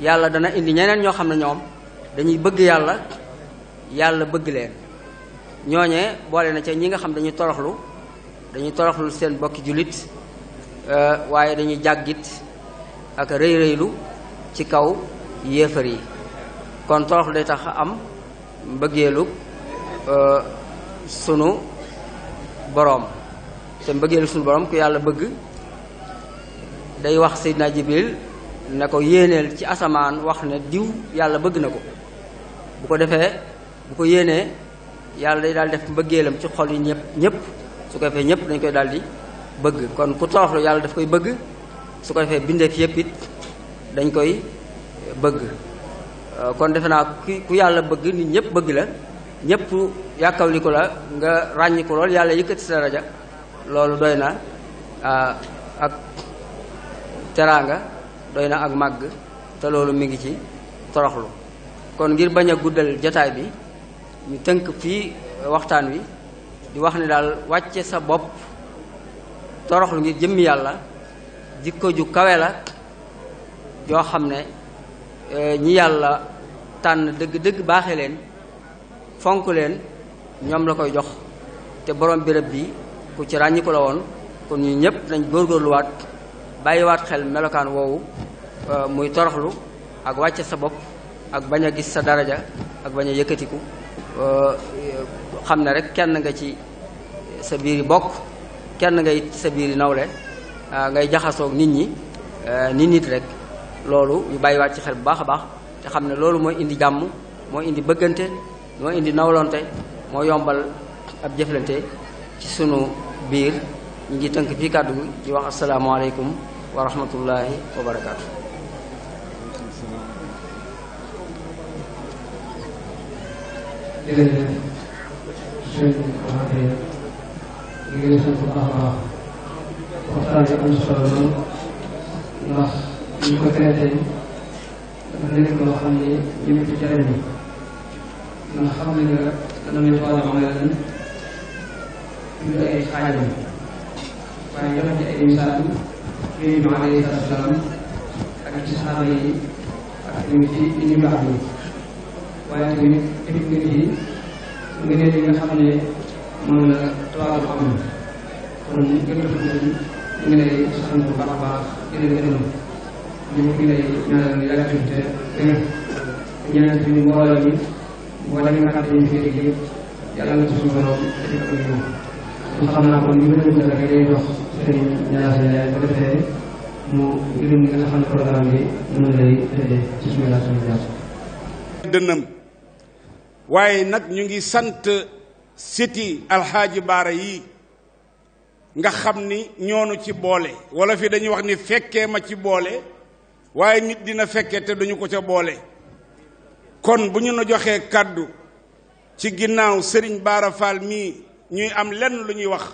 yàlla dana indi ñeneen ñoo xam ne ñoom dañuy bëgg yàlla yàlla bëgg leen ñooñee boole na ca ñi nga xam dañuy toroxlu dañuy toroxlu seen bokki jullit euh, waaye dañuy jàggit ak rëy rëylu ci kaw yéefar yi kon toroxlu day tax am mbëggeelu euh, sunu boroom te mbëggeelu suñu borom ku yàlla bëgg day wax Seydina Jibril ne ko yéeneel ci asamaan wax ne diw yàlla bëgg na ko bu ko defee bu ko yéenee yàlla day daal def mbëggeelam ci xol yi ñëpp ñëpp su ko defee ñëpp dañ koy daal di bëgg kon ku toroxlu yàlla daf koy bëgg su ko defee bindeef yëpp it dañ koy eh, bëgg euh, kon defe naa ku yàlla bëgg nit ñëpp bëgg la ñëpp yàkkawli ko la nga ràññi ko lool yàlla yëkkati sa daraja loolu doy na ak teraanga doy na ak màgg te loolu mi ngi ci toroxlu kon ngir bañ a guddal jataay bi ñu tënk fii waxtaan wi di wax ne daal wàcce sa bopp toroxlu ngir jëmm yàlla jikko ju kawe la joo xam ne e, ñi yàlla tànn dëgg-dëgg baaxe leen fonk leen ñoom la koy jox te borom béréb bi ku ci ràññiku la woon kon ñu ñëpp nañ góorgóorluwaat bàyyiwaat xel melokaan woowu euh, muy toroxlu ak wàcce sa bopp ak bañ a gis sa daraja ak bañ a yëkkatiku euh, xam ne rek kenn nga ci sa biir bokk kenn nga yit sa biir nawle euh, ngay jaxasoog nit ñi nit nit rek loolu ñu bàyyiwaat ci xel bu baax a baax te xam ne loolu mooy indi jàmm moo indi bëggante moo indi nawlonte moo yombal ab jëflante ci sunu biir ñu ngi tënk fii kàddu gi di wax asalaamaaleykum wa rahmatullahi wa barakaatu. jërëjëf sëñ Amady ñu ngi lay sant bu baax a baax waxtaan bi am solo lool ndax ñu ko traité dafa nekk loo xam ne ñu ngi ci jërëjëf ndax xam nañu ne damay faral ma leen. duñ ay xaajam waaye ñoo xam ne ay misaalam yooyu ñu alayhi salaatu salaam ak ci saxaaba yi ak tamit ci ci ñu baax ñi waaye tamit tamit nit yi ngëneel yi nga xam ne moom la tawaadu am kon gën a xam ne ñu ngi lay sant bu baax a baax di la gërëm ñu ngi lay ñaanal ñu yàgg te gërëm ñaan tamit mbooloo mi mbooloo mi nga xam ne ñu ngi yàlla na suñu borom def ak ñoom kon xam dënnam waaye nag ñu ngi sant siti alxaaji baara yi nga xam ni ñoonu ci boole wala fii dañuy wax ni fekkee ma ci boole waaye nit dina fekkee te duñu ko ca boole kon bu ñu na joxee kàddu ci ginnaaw sëriñ baara faal mii ñuy am lenn lu ñuy wax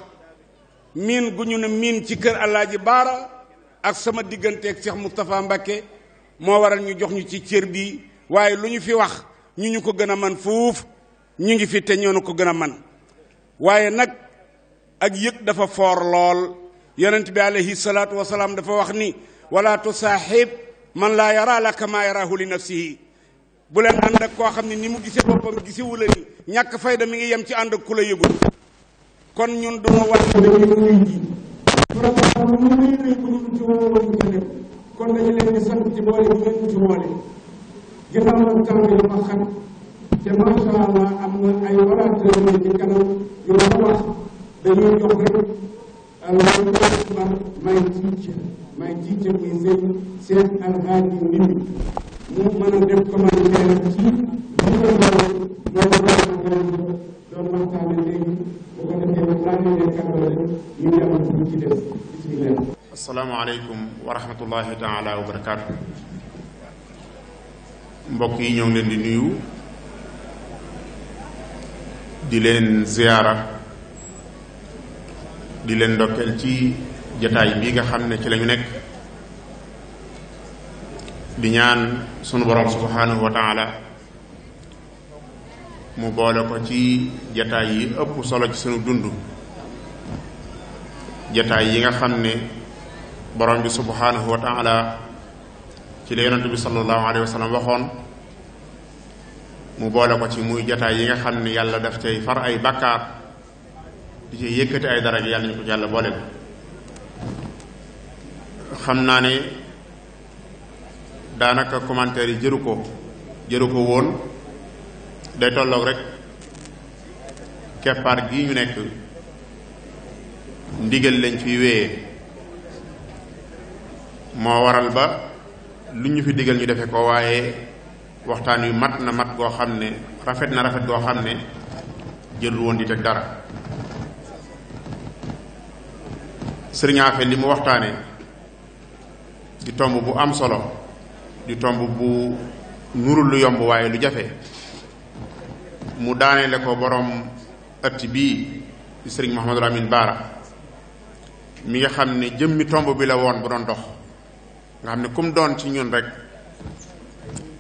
miin gu ñu ne miin ci kër ji Baara ak sama digganteeg Cheikh Moustapha Mbacké moo waral ñu jox ñu ci cër bi waaye lu ñu fi wax ñu ñu ko gën a man fuuf ñu ngi fi te ñoo ñu ko gën a man waaye nag ak yëg dafa foor lool yeneent bi alayhi salaatu wasalaam dafa wax ni wala tusaaxib man laa yara laka maa yaraahu si nafsihi bu leen ànd ak koo xam ne ni mu gisee boppam gisewu la ni ñàkk fayda mi ngi yem ci ànd ak ku la yëgul kon ñun du ma wàcc dañuy ji vraiment ñu ngi nuyu ku ñu ci wóoroon ñu dem kon di kanam yu war wax dañuy jox rek loolu mooy may tiit maa jiite muy sëñ seen alxaaji Ndindi mu mën a def commentaire ci li ko waral loolu doon doon waxtaane léegi bu ko defee ba daaneel kàddu la ñu ngi amal bu ci des bismillah. asalaamaaleykum wa rahmatullahi taala wa barakaatu. mbokk yi ñoo ngi leen di nuyu di leen ziyaara di leen ndokkeel ci. jataay bii nga xam ne ci lañu nekk di ñaan sunu borom subhanahu wa taala mu boole ko ci jataay yi ëpp solo ci sunu dund jataay yi nga xam ne borom bi subhanahu wa taala ci la bi sallallahu alayhi wa waxoon mu boole ko ci muy jataay yi nga xam ne yàlla daf cay far ay bakkaar di ci yëkkati ay dara yàlla ñu ko yàlla boole ko xam naa ne daanaka commentaire yi jëru ko jëru ko woon day tolloog rek keppaar gi ñu nekk ndigal lañ fi wéyee moo waral ba lu ñu fi digal ñu defe ko waaye waxtaan yu mat na mat goo xam ne rafet na rafet goo xam ne jëlul woon di teg dara sëriñ li mu waxtaane di tomb bu am solo di tomb bu nurul lu yomb waaye lu jafe mu daaneele ko boroom ëtt bii di sëriñ Mouhamadul Amin Baara mi nga xam ne jëmmi tomb bi la woon bu doon dox nga xam ne kum doon ci ñun rek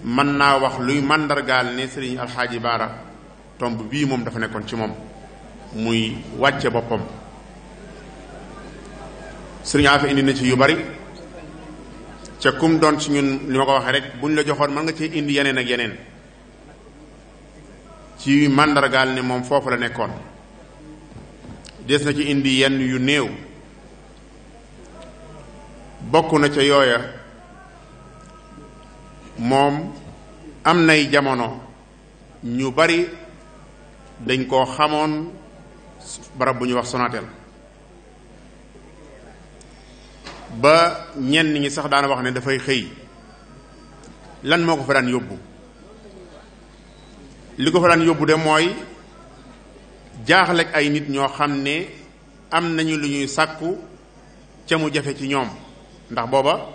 mën naa wax luy màndargaal ne sëriñ Alxaaji Baara tomb bii moom dafa nekkoon ci moom muy wàcce boppam sëriñ Afe indi na ci yu bari ca kum doon ci ñun li ma ko waxee rek buñ la joxoon mën nga cee indi yeneen ak yeneen ci màndargaal ne moom foofu la nekkoon des na ci indi yenn yu néew bokk na ca yooya moom am nay jamono ñu bari dañ koo xamoon barab bu ñuy wax Sonatel ba ñenn ñi sax daana wax ne dafay xëy lan moo ko fa daan yóbbu li ko fa daan yóbbu de mooy jaaxlek ay nit ñoo xam ne am nañu lu ñuy sàkku ca mu jafe ci ñoom ndax booba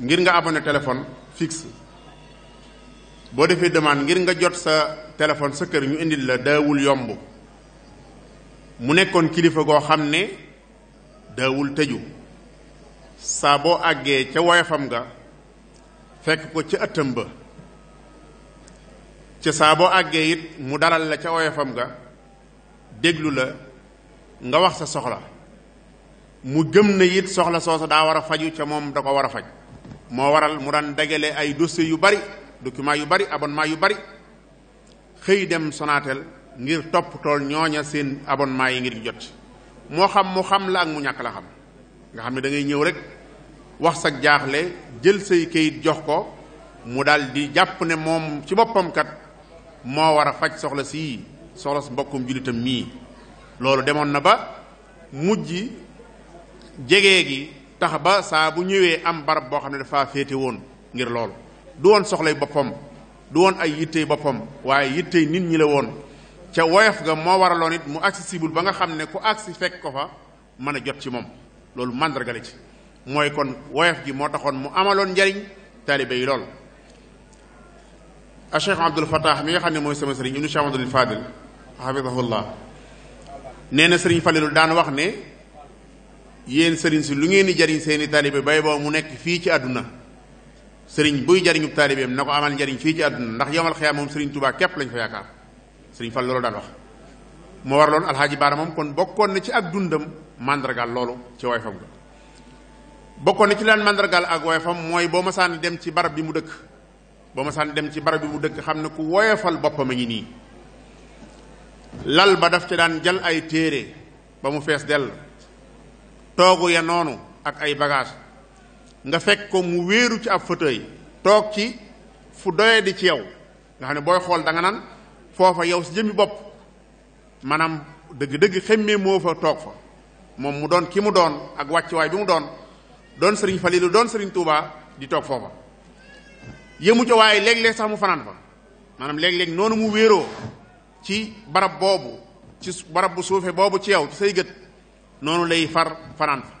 ngir nga abonné téléphone fix boo defee demande ngir nga jot sa téléphone sa kër ñu indi la daawul yomb mu nekkoon kilifa goo xam ne daawul tëju saaboo àggee ca woyofam nga fekk ko ca ëttam ba ca saa àggee it mu dalal la ca woyofam nga déglu la nga wax sa soxla mu gëm na it soxla sa daa war a faju ca moom da ko war a faj moo waral mu daan dagale ay dossiers yu bari document yu bari abonnement yu bari xëy dem Sonatel ngir topp tool ñooña seen abonnement yi ngir jot moo xam mu xam la ak mu ñàkk la xam nga xam ne dangay ñëw rek wax sa jaaxle jël say kayit jox ko mu daal di jàpp ne moom ci boppam kat moo war a faj soxla si soxla si mbokkum jullitam mii loolu demoon na ba mujj jege gi tax ba saa bu ñëwee am barab boo xam ne dafa féete woon ngir loolu du woon soxlay boppam du woon ay yittey boppam waaye yittey nit ñi la woon ca woyof nga moo war a it mu accessible ba nga xam ne ku agsi fekk ko fa mën a jot ci moom loolu màndarga ci mooy kon woyof gi moo taxoon mu amaloon njariñ taalibe yi lool a cheikh abdul fatah mi nga xam ne mooy sama sëriñ ibnu cheikh abdul fadil hafidahullah nee na sëriñ falilu daan wax ne yéen sëriñ si lu ngeen di jariñ seeni taalibe bay boo mu nekk fii ci àdduna sëriñ buy jariñub taalibeem na ko amal njariñ fii ci àdduna ndax yomal xeyaam moom sëriñ tubaa képp lañ fa yaakaar sëriñ fal loolu daan wax moo waraloon alxaaji ci ak dundam mandargaal loolu ci woyofam ga bokkoon na ci leen mandargaal ak woyofam mooy boo ma sànni dem ci barab bi mu dëkk boo ma masaan dem ci barab bi mu dëkk xam ne ku woyofal boppam a ngi nii lal ba daf ci daan jël ay téere ba mu fees dell toogu ya noonu ak ay bagage nga fekk ko mu wéeru ci ab fauteuil toog ci fu doye di ci yow nga xam ne booy xool da nga naan foofa yow si jëmmi bopp maanaam dëgg-dëgg xemmee moo fa toog fa moom mu doon ki mu doon ak wàccuwaay bi mu doon doon sëriñ Falilu doon sëriñ Touba di toog foofa yëmu ca waaye léeg sax mu fanaan fa maanaam léeg-léeg noonu mu wéeroo ci barab boobu ci barab bu suufee boobu ci yow ci say gët noonu lay far fanaan fa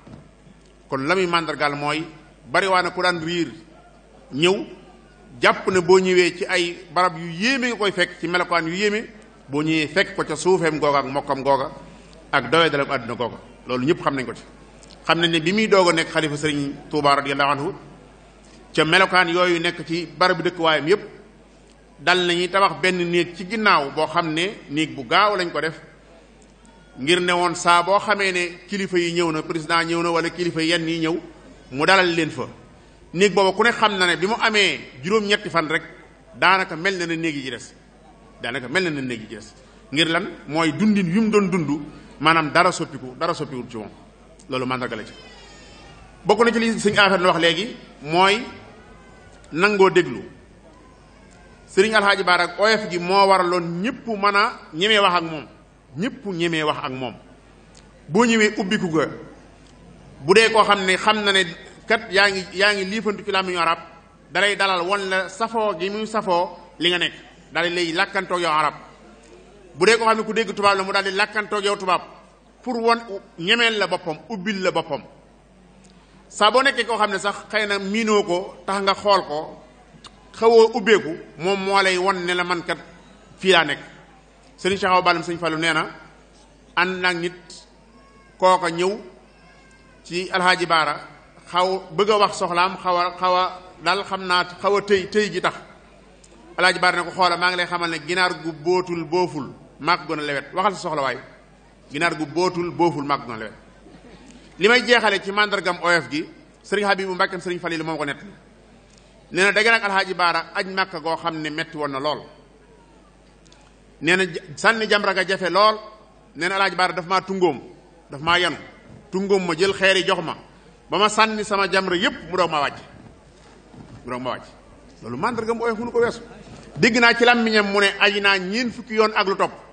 kon la muy màndargaal mooy bariwaa na ku daan riir ñëw jàpp ne boo ñëwee ci ay barab yu yéeme nga koy fekk ci melokaan yu yéeme boo ñëwee fekk ko ca suufeem googa ak mokkam googa ak doyee dalam àdduna googa loolu ñëpp xam nañ ko ci xam nañ ne bi muy doog a nekk xalifa sëriñ Touba radiyallahu anhu ca melokaan yooyu nekk ci barabu dëkkuwaayam yëpp dal nañuy tabax benn néeg ci ginnaaw boo xam ne néeg bu gaaw lañ ko def ngir ne woon saa boo xamee ne kilifa yi ñëw na président ñëw na wala kilifa yi yenn yi ñëw mu dalal leen fa néeg booba ku ne xam na ne bi mu amee juróom-ñetti fan rek daanaka mel na ne néeg yi ci des daanaka mel na ne néeg yi ci des ngir lan mooy dundin yu mu doon dund maanaam dara soppiku dara soppiwul ci moom loolu màndarga la ci bokk na ci li sëñ affaire wax léegi mooy nangoo déglu sëriñ alxaaji baar ak oyof gi moo waraloon ñëpp mën a ñemee wax ak moom ñëpp ñemee wax ak moom boo ñëwee ubbiku ga bu dee koo xam ne xam na ne kat yaa ngi yaa ngi liifantu ci làmmiñu arab dalay dalal won la safoo gi muy safoo li nga nekk dalay lay làkkantoog yow arab bu dee ko xam ne ku dégg tubaab la mu daal di làkkantoog tubaab pour won ñemeel la boppam ubbil la boppam saa boo nekkee koo xam ne sax xëy na miinoo ko tax nga xool ko xawoo ubbeeku moom moo lay won ne la man kat fii laa nekk sëriñ Cheikh Awa Balla sëriñ Fallou nee na ànd naag nit ñëw ci alxaaji baara xaw bëgg a wax soxlaam xaw a xaw a daal xam naa xaw a tëy tëy gi tax alxaaji baara ne ko xoola maa ngi lay xamal ne ginaar gu bootul booful maa ko lewet waxal sa soxla waay ginaar gu bootul booful maa ko lewet li may jeexale ci mandargam of gi sëriñ Habibu Mbàkkeem sëriñ Faliilu moom ko nett nee na dagg nag alxaaji baara aj màkk goo xam ne metti woon na lool nee na sànni jafe lool nee na alxaaji baara daf maa tungóom daf maa yanu tungóom ma jël xeer jox ma ba ma sama jamra yépp mu doog ma wàcc mu doog ko weesu dégg naa ci làmmiñam mu ne aji naa ñeen fukki yoon ak lu topp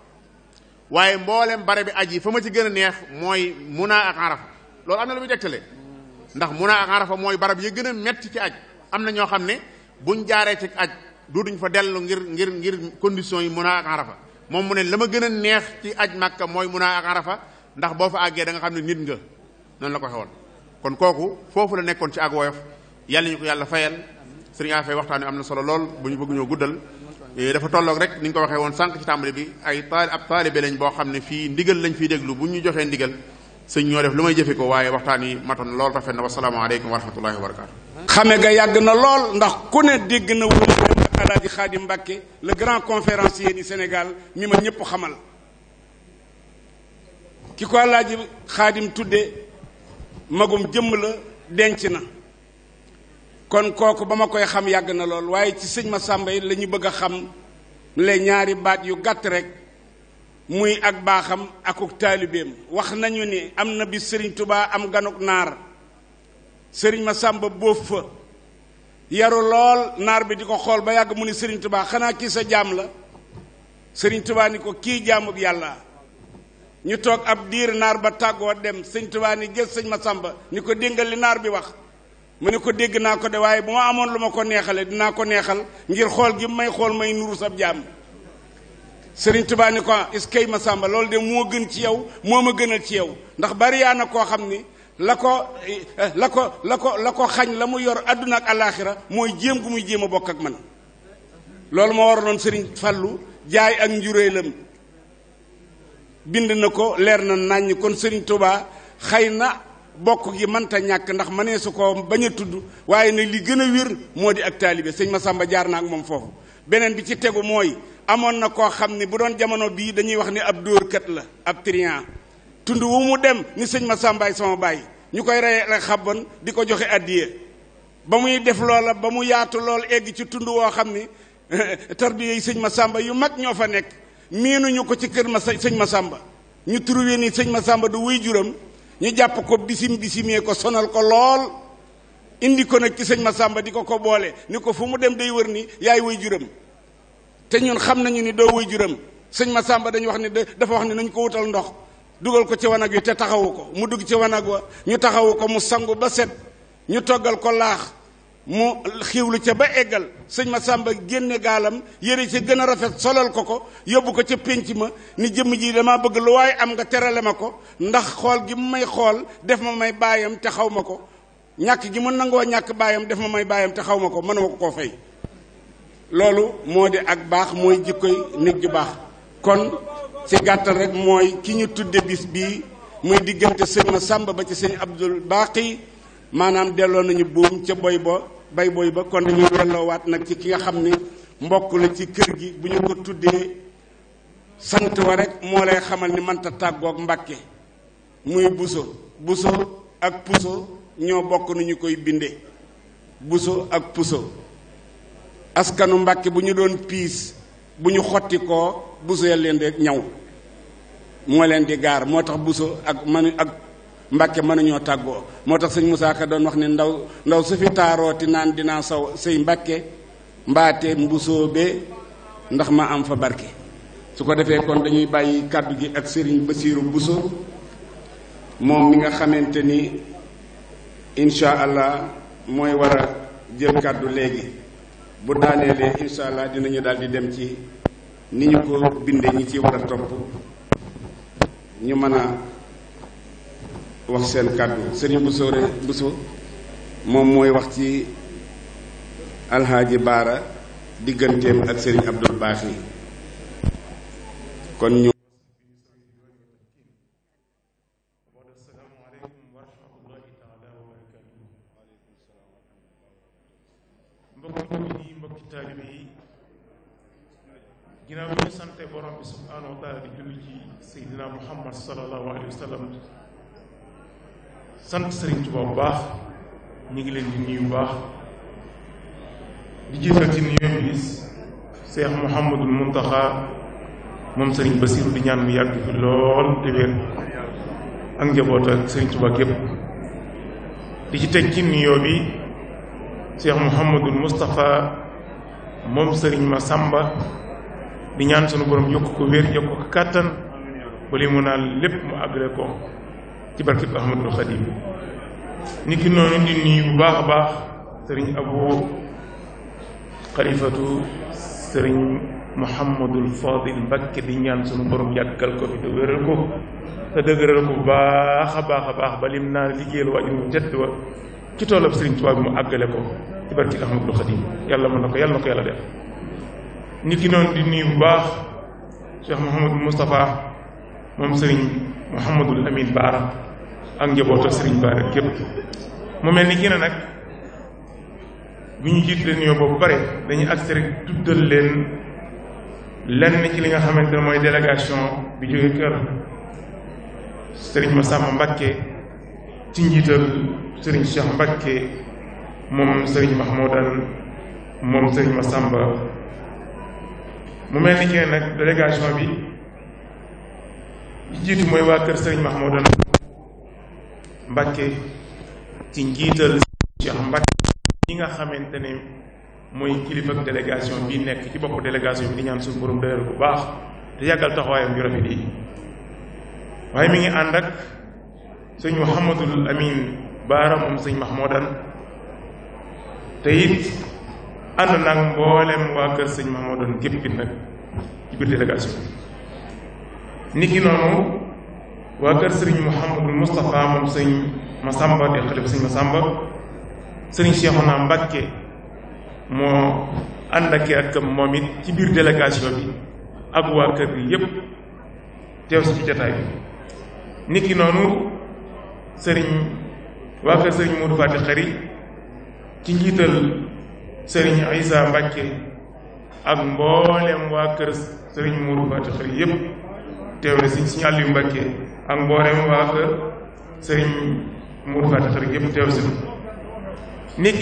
waaye mboolem bare bi aj yi fa ma ci gën a neex mooy munaa ak arafa loolu am na lu muy tegtale ndax munaa ak arafa mooy barab yi gën a metti ci aj am na ñoo xam ne buñ jaaree ci aj duutuñ fa dellu ngir ngir ngir conditions yi munaa ak arafa moom mu ne la ma gën a neex ci aj màkka mooy munaa ak arafa ndax boo fa àggee danga nga xam ne nit nga noonu la ko xewoon kon kooku foofu la nekkoon ci ak woyof yàlla ñu ko yàlla fayal sëriñ Afee waxtaan wi am na solo lool bu ñu bëgg ñoo guddal Eh, dafa tolloog rek ni ñu ko waxee woon sànq ci tàmbali bi ay taal ab taalibe lañ boo xam ne fii ndigal lañ fiy déglu bu ñu joxee ndigal sëñ ñoo def lu may jëfe ko waaye waxtaan yi matoon lool rafet na wasalaamaaleykum wa rahmatullahi wa barakaatu. xame nga yàgg na lool ndax ku ne dégg na wu Alaaji Xaadim Mbàkke la grand conférencier du Sénégal mi ma ñëpp xamal ki ko Alaaji Xaadim tudde magum jëmm la denc na kon kooku ba ma koy xam yàgg na lool waaye ci sëñ Masamba yi la bëgg a xam le ñaari baat yu gàtt rek muy ak baaxam akuk taalibeem wax nañu ni am na bi sëriñ Tubaa am ganuk naar sëriñ Masamba boof fa yaru lool naar bi di ko xool ba yàgg mu ni sëriñ Tubaa xanaa kii sa jaam la sëriñ Tubaa ni ko kii jaamub yàlla ñu toog ab diir naar ba tàggoo dem sëñ Tubaa ni jël sëñ Masamba ni ko déngal naar bi wax mu ne ko dégg naa ko de waaye bu ma amoon lu ma ko neexale dinaa ko neexal ngir xool gi may xool may nuru sab jàmm Sëriñ Tuubaa ni ko iskay ma sàmba loolu de moo gën ci yow moo ma gënal ci yow ndax bari yaa koo xam ni la ko eh, la ko la ko la ko xañ la mu yor àdduna ak alaaxira mooy jéem gu muy jéem a bokk ak man loolu moo doon Sëriñ Fallu jaay ak njuréelam bind na ko leer na nàññ kon Sëriñ Tuubaa xëy na bokk gi mënta ñàkk ndax mënee su ko bañ a tudd waaye nag li gën a wér moo di ak taalibe sëñ Masamba jaar na ak moom foofu beneen bi ci tegu mooy amoon na koo xam ne bu doon jamono bii dañuy wax ni ab dóorkat la ab trian tund wu mu dem ni sëñ ma ay sama bàyyi ñu koy rey ak xabban di ko joxe addiya ba muy def loola ba mu yaatu lool egg ci tund woo xam ni (laughs) tarbiya yi sëñ Masamba yu mag ñoo fa nekk miinuñu ko ci kër ma sëñ Masamba ñu trouvé ni sëñ Masamba du wuy juram ñu jàpp ko bisim bisimee ko sonal ko lool indi ko nag ci sëñ sàmba di ko ko boole ni ko fu mu dem day wër ni yaay way juram te ñun xam nañu ni doo way juram sëñ ma Masamba dañu wax ni dafa wax ni nañ ko wutal ndox dugal ko ci wanag wi te taxawu ko mu dugg ci wanag wa ñu taxawu ko mu sangu ba set ñu toggal ko laax mu xiwlu ca ba eggal sëñ ma sàmba génne gaalam yére ca gën a rafet solal ko ko yóbbu ko ca pénc ma ni jëmm ji dama bëgg lu waaye am nga terale ma ko ndax xool gi mu may xool def ma may baayam te xaw ma ko ñàkk gi mu nangoo ñàkk baayam def ma may baayam te xaw ma ko mënuma ko koo fay loolu moo di ak baax mooy jikkoy nit ju baax kon ci gàttal rek mooy ki ñu tudde bis bii muy diggante sëñ ma sàmba ba ci sëñ abdul baaqi maanaam delloo nañu buum ca boy bo bay booy ba kon dañuy delloowaat nag ci ki nga xam ni mbokk la ci kër gi bu ñu ko tuddee sant wa rek moo lay xamal ni manta tàggoog mbàkke muy buso buso ak puso ñoo bokk nu ñu koy binde buso ak puso askanu mbakke bu ñu doon piis bu ñu xotti koo buso ya leen di ñaw moo leen di gaar moo tax buso ak man ak Mbàkke mënuñoo tàggoo moo tax suñ Moussa Ka doon wax ni ndaw ndaw su fi taarooti naan dinaa saw sëy Mbàkke mbaate mbusóobee ndax ma am fa barke su ko defee kon dañuy bàyyi kàddu gi ak sëriñ Basiiru Buso moom mi nga xamante ni incha allah mooy war jël kàddu léegi bu daaneelee incha allah dinañu daal di dem ci ni ñu ko bindee ñi ci war topp ñu mën a wax seen kàddu sëriñ Bousso Bousso moom mooy wax ci alxaaji baara digganteem ak sëriñ Abdul Baaxi kon ñu ginnaaw bi ñu sante borom bi subhaanahu di julli ci seydina muhammad sallallahu alayhi wa sant Serigne Touba bu baax ñu ngi leen di nuyu bu baax di jiital ci nuyoo bi Seex Muhammadul Muntaxa moom Serigne Basiru di ñaan njaboot ak Serigne Touba di ci teg ci nuyoo bi Seex Muhammadul Mustafa moom Serigne Masamba di ñaan sunu borom yokk ko wér yokk ko kàttan ba mu naan lépp mu àggale ko ci barkeb ahmadul xadim nit ki noonu di nuyu bu baax a baax sëriñ abu xalifatu sëriñ muhammadul fadil mbakke di ñaan sunu borom yàggal ko fi te wéral bu baax baax baax ba naa liggéeyal waajur ci toolab sëriñ Tuubaa bi mu àggale ko ci barkeb ahmadul xadim yàlla mën na ko yàlla na ko bu baax cheikh moom sëriñ muhammadul amin baara ak njabootu Serigne Bara képp mu mel ni kii na nag bu ñu jiit leen yoo boobu pare dañuy agsi rek tuddal leen lenn ci li nga xamante ne mooy délégation bi jóge kër Serigne Massamba Mbacké ci njiital Serigne Cheikh Mbacké moom Serigne Mahmoudan jiitu mooy waa kër Serigne Mahmoudan Mbàkke ci njiital Cheikh Mbàkke ñi nga xamante ne mooy kilifa délégation bi nekk ci bopp délégation bi di ñaan suñu borom bu baax te yàggal taxawaayam yu rafet waaye mi ngi ànd ak sëñ Mouhamadul Amin Baara moom sëñ Mahmoudan te it ànd nag mboolem waa kër sëñ Mahmoudan gépp nag ci biir délégation bi niki noonu waa kër sëriñ Mouhamadul Moustapha moom sëriñ Massamba di xalifa sëriñ Massamba sëriñ Cheikhouna Mbacke moo ànd ak akam moom it ci biir délégation bi ak waa kër gi yépp teew si ci jataay bi nit noonu sëriñ waa kër sëriñ Modou Fati Xari ci njiital sëriñ Issa Mbacke ak mboolem waa kër sëriñ Modou Fati Xari yépp teew si suñu àll yu Mbacke ak mbooleem waa kër sëriñ Mourou Faty Khary yëpp teew si nit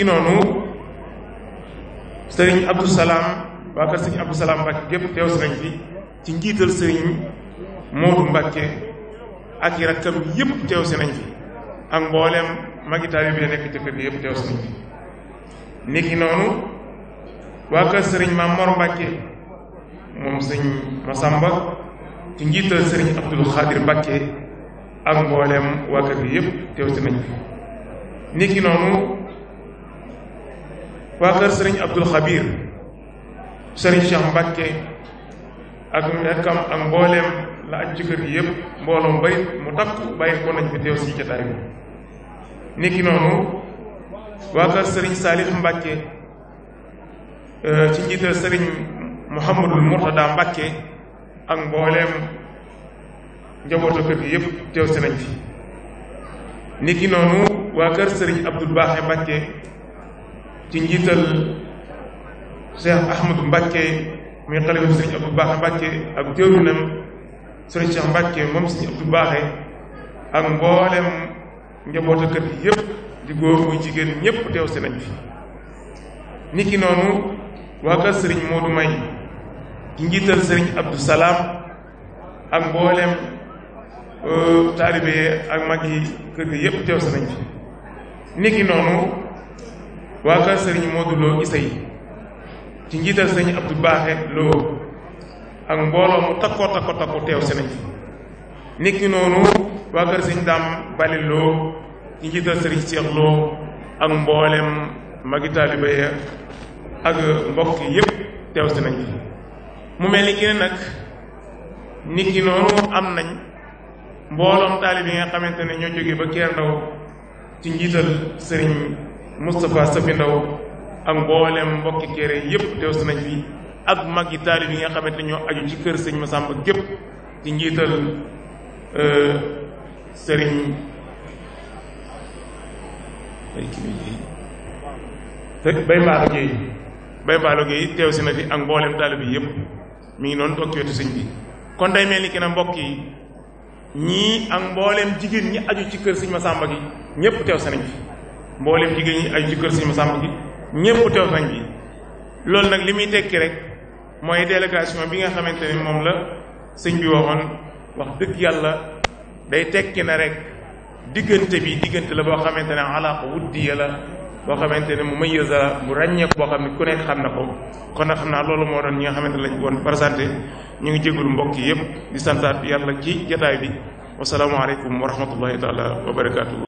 sëriñ Abdou waa kër sëriñ Abdou Salaam gépp teew si fi ci njiital sëriñ Modou Mbacke ak i rakkam yëpp teew si fi ak mbooleem magi taalibe bi nekk ci kër gi yëpp teew si fi nit waa kër sëriñ Mamor Mbacke moom sëriñ Masamba ci njiital sëriñ Abdul Xaadir Mbàkke ak mboolem waa kër gi teew si nañ ni ki noonu waa kër sëriñ Abdul Xabiir sëriñ Cheikh Mbàkke ak nekkam ak mbooleem la aj ci kër mbooloom bay mu takku bàyyi ko nañ fi teew si jataay bi ni ki noonu waa kër sëriñ Saalix Mbàkke eh, ci njiital sëriñ Mouhamadul Mourtada Mbàkke ak mbooleem njabootu kër gi yëpp teew si nañ noonu waa kër sëriñ Abdul Baaxe Mbàkke ci njiital Cheikh Ahmadou Mbàkke muy xalifa sëriñ Abdul Baaxe Mbàkke ak jëwrinam sëriñ Cheikh Mbàkke moom sëriñ Abdul Baaxe ak mbooleem njabootu kër gi di góor muy jigéen ñëpp teew si nañ fi noonu waa kër sëriñ Moodu May ci njiital sëriñ Abdou Salaam ak mboolem euh, taalibe ak mag yi kër gi yépp teew sanañ fi noonu waa kër sëriñ Modou Lo Issa njiital sëriñ Abdou Baaxe Lo ak mbooloo mu takkoo takko teew sanañ fi noonu waa kër sëriñ Daam Bali Lo ci sëriñ Cheikh Lo ak mboolem magi taalibe ya ak mbokk yépp teew sanañ mu mel ni ki ne nag nit ki noonu am nañ mbooloom taalibe yi nga xamante ne ñoo jóge ba Kër Ndaw ci njiital sëriñ Moustapha Safi Ndaw ak mboolem mbokki kere yépp teew si nañ fi ak mag yi taalib yi nga xamante ne ñoo aju sëñ Massamba gépp ci njiital sëriñ bay mbaalo géey bay mbaalo géey teew na fi ak mboolem taalib yi yépp mi ngi noonu toog ci wetu sëñ bi kon day mel ni ki na mbokk yi ñii ak mbooleem jigéen ñi aju ci kër sëñ ma gi ñëpp teew sa nañ fi mbooleem jigéen ñi aju ci kër ñëpp teew nañ fi loolu nag li muy tekki rek mooy délégation bi nga xamante ne moom la sëñ bi waxoon wax dëgg yàlla day tekki na rek diggante bi diggante la boo xamante ne alaaka wuddiya la boo xamante ne mu mayëz la bu ràññeeku boo xam ne ku nekk xam na ko kon nag xam naa loolu moo doon ñi nga xamante ne lañ woon présenté ñu ngi jégalu mbokk yëpp di santaat yàlla ci jataay bi wasalaamualeykum wa rahmatullahi taala wa barakaatu.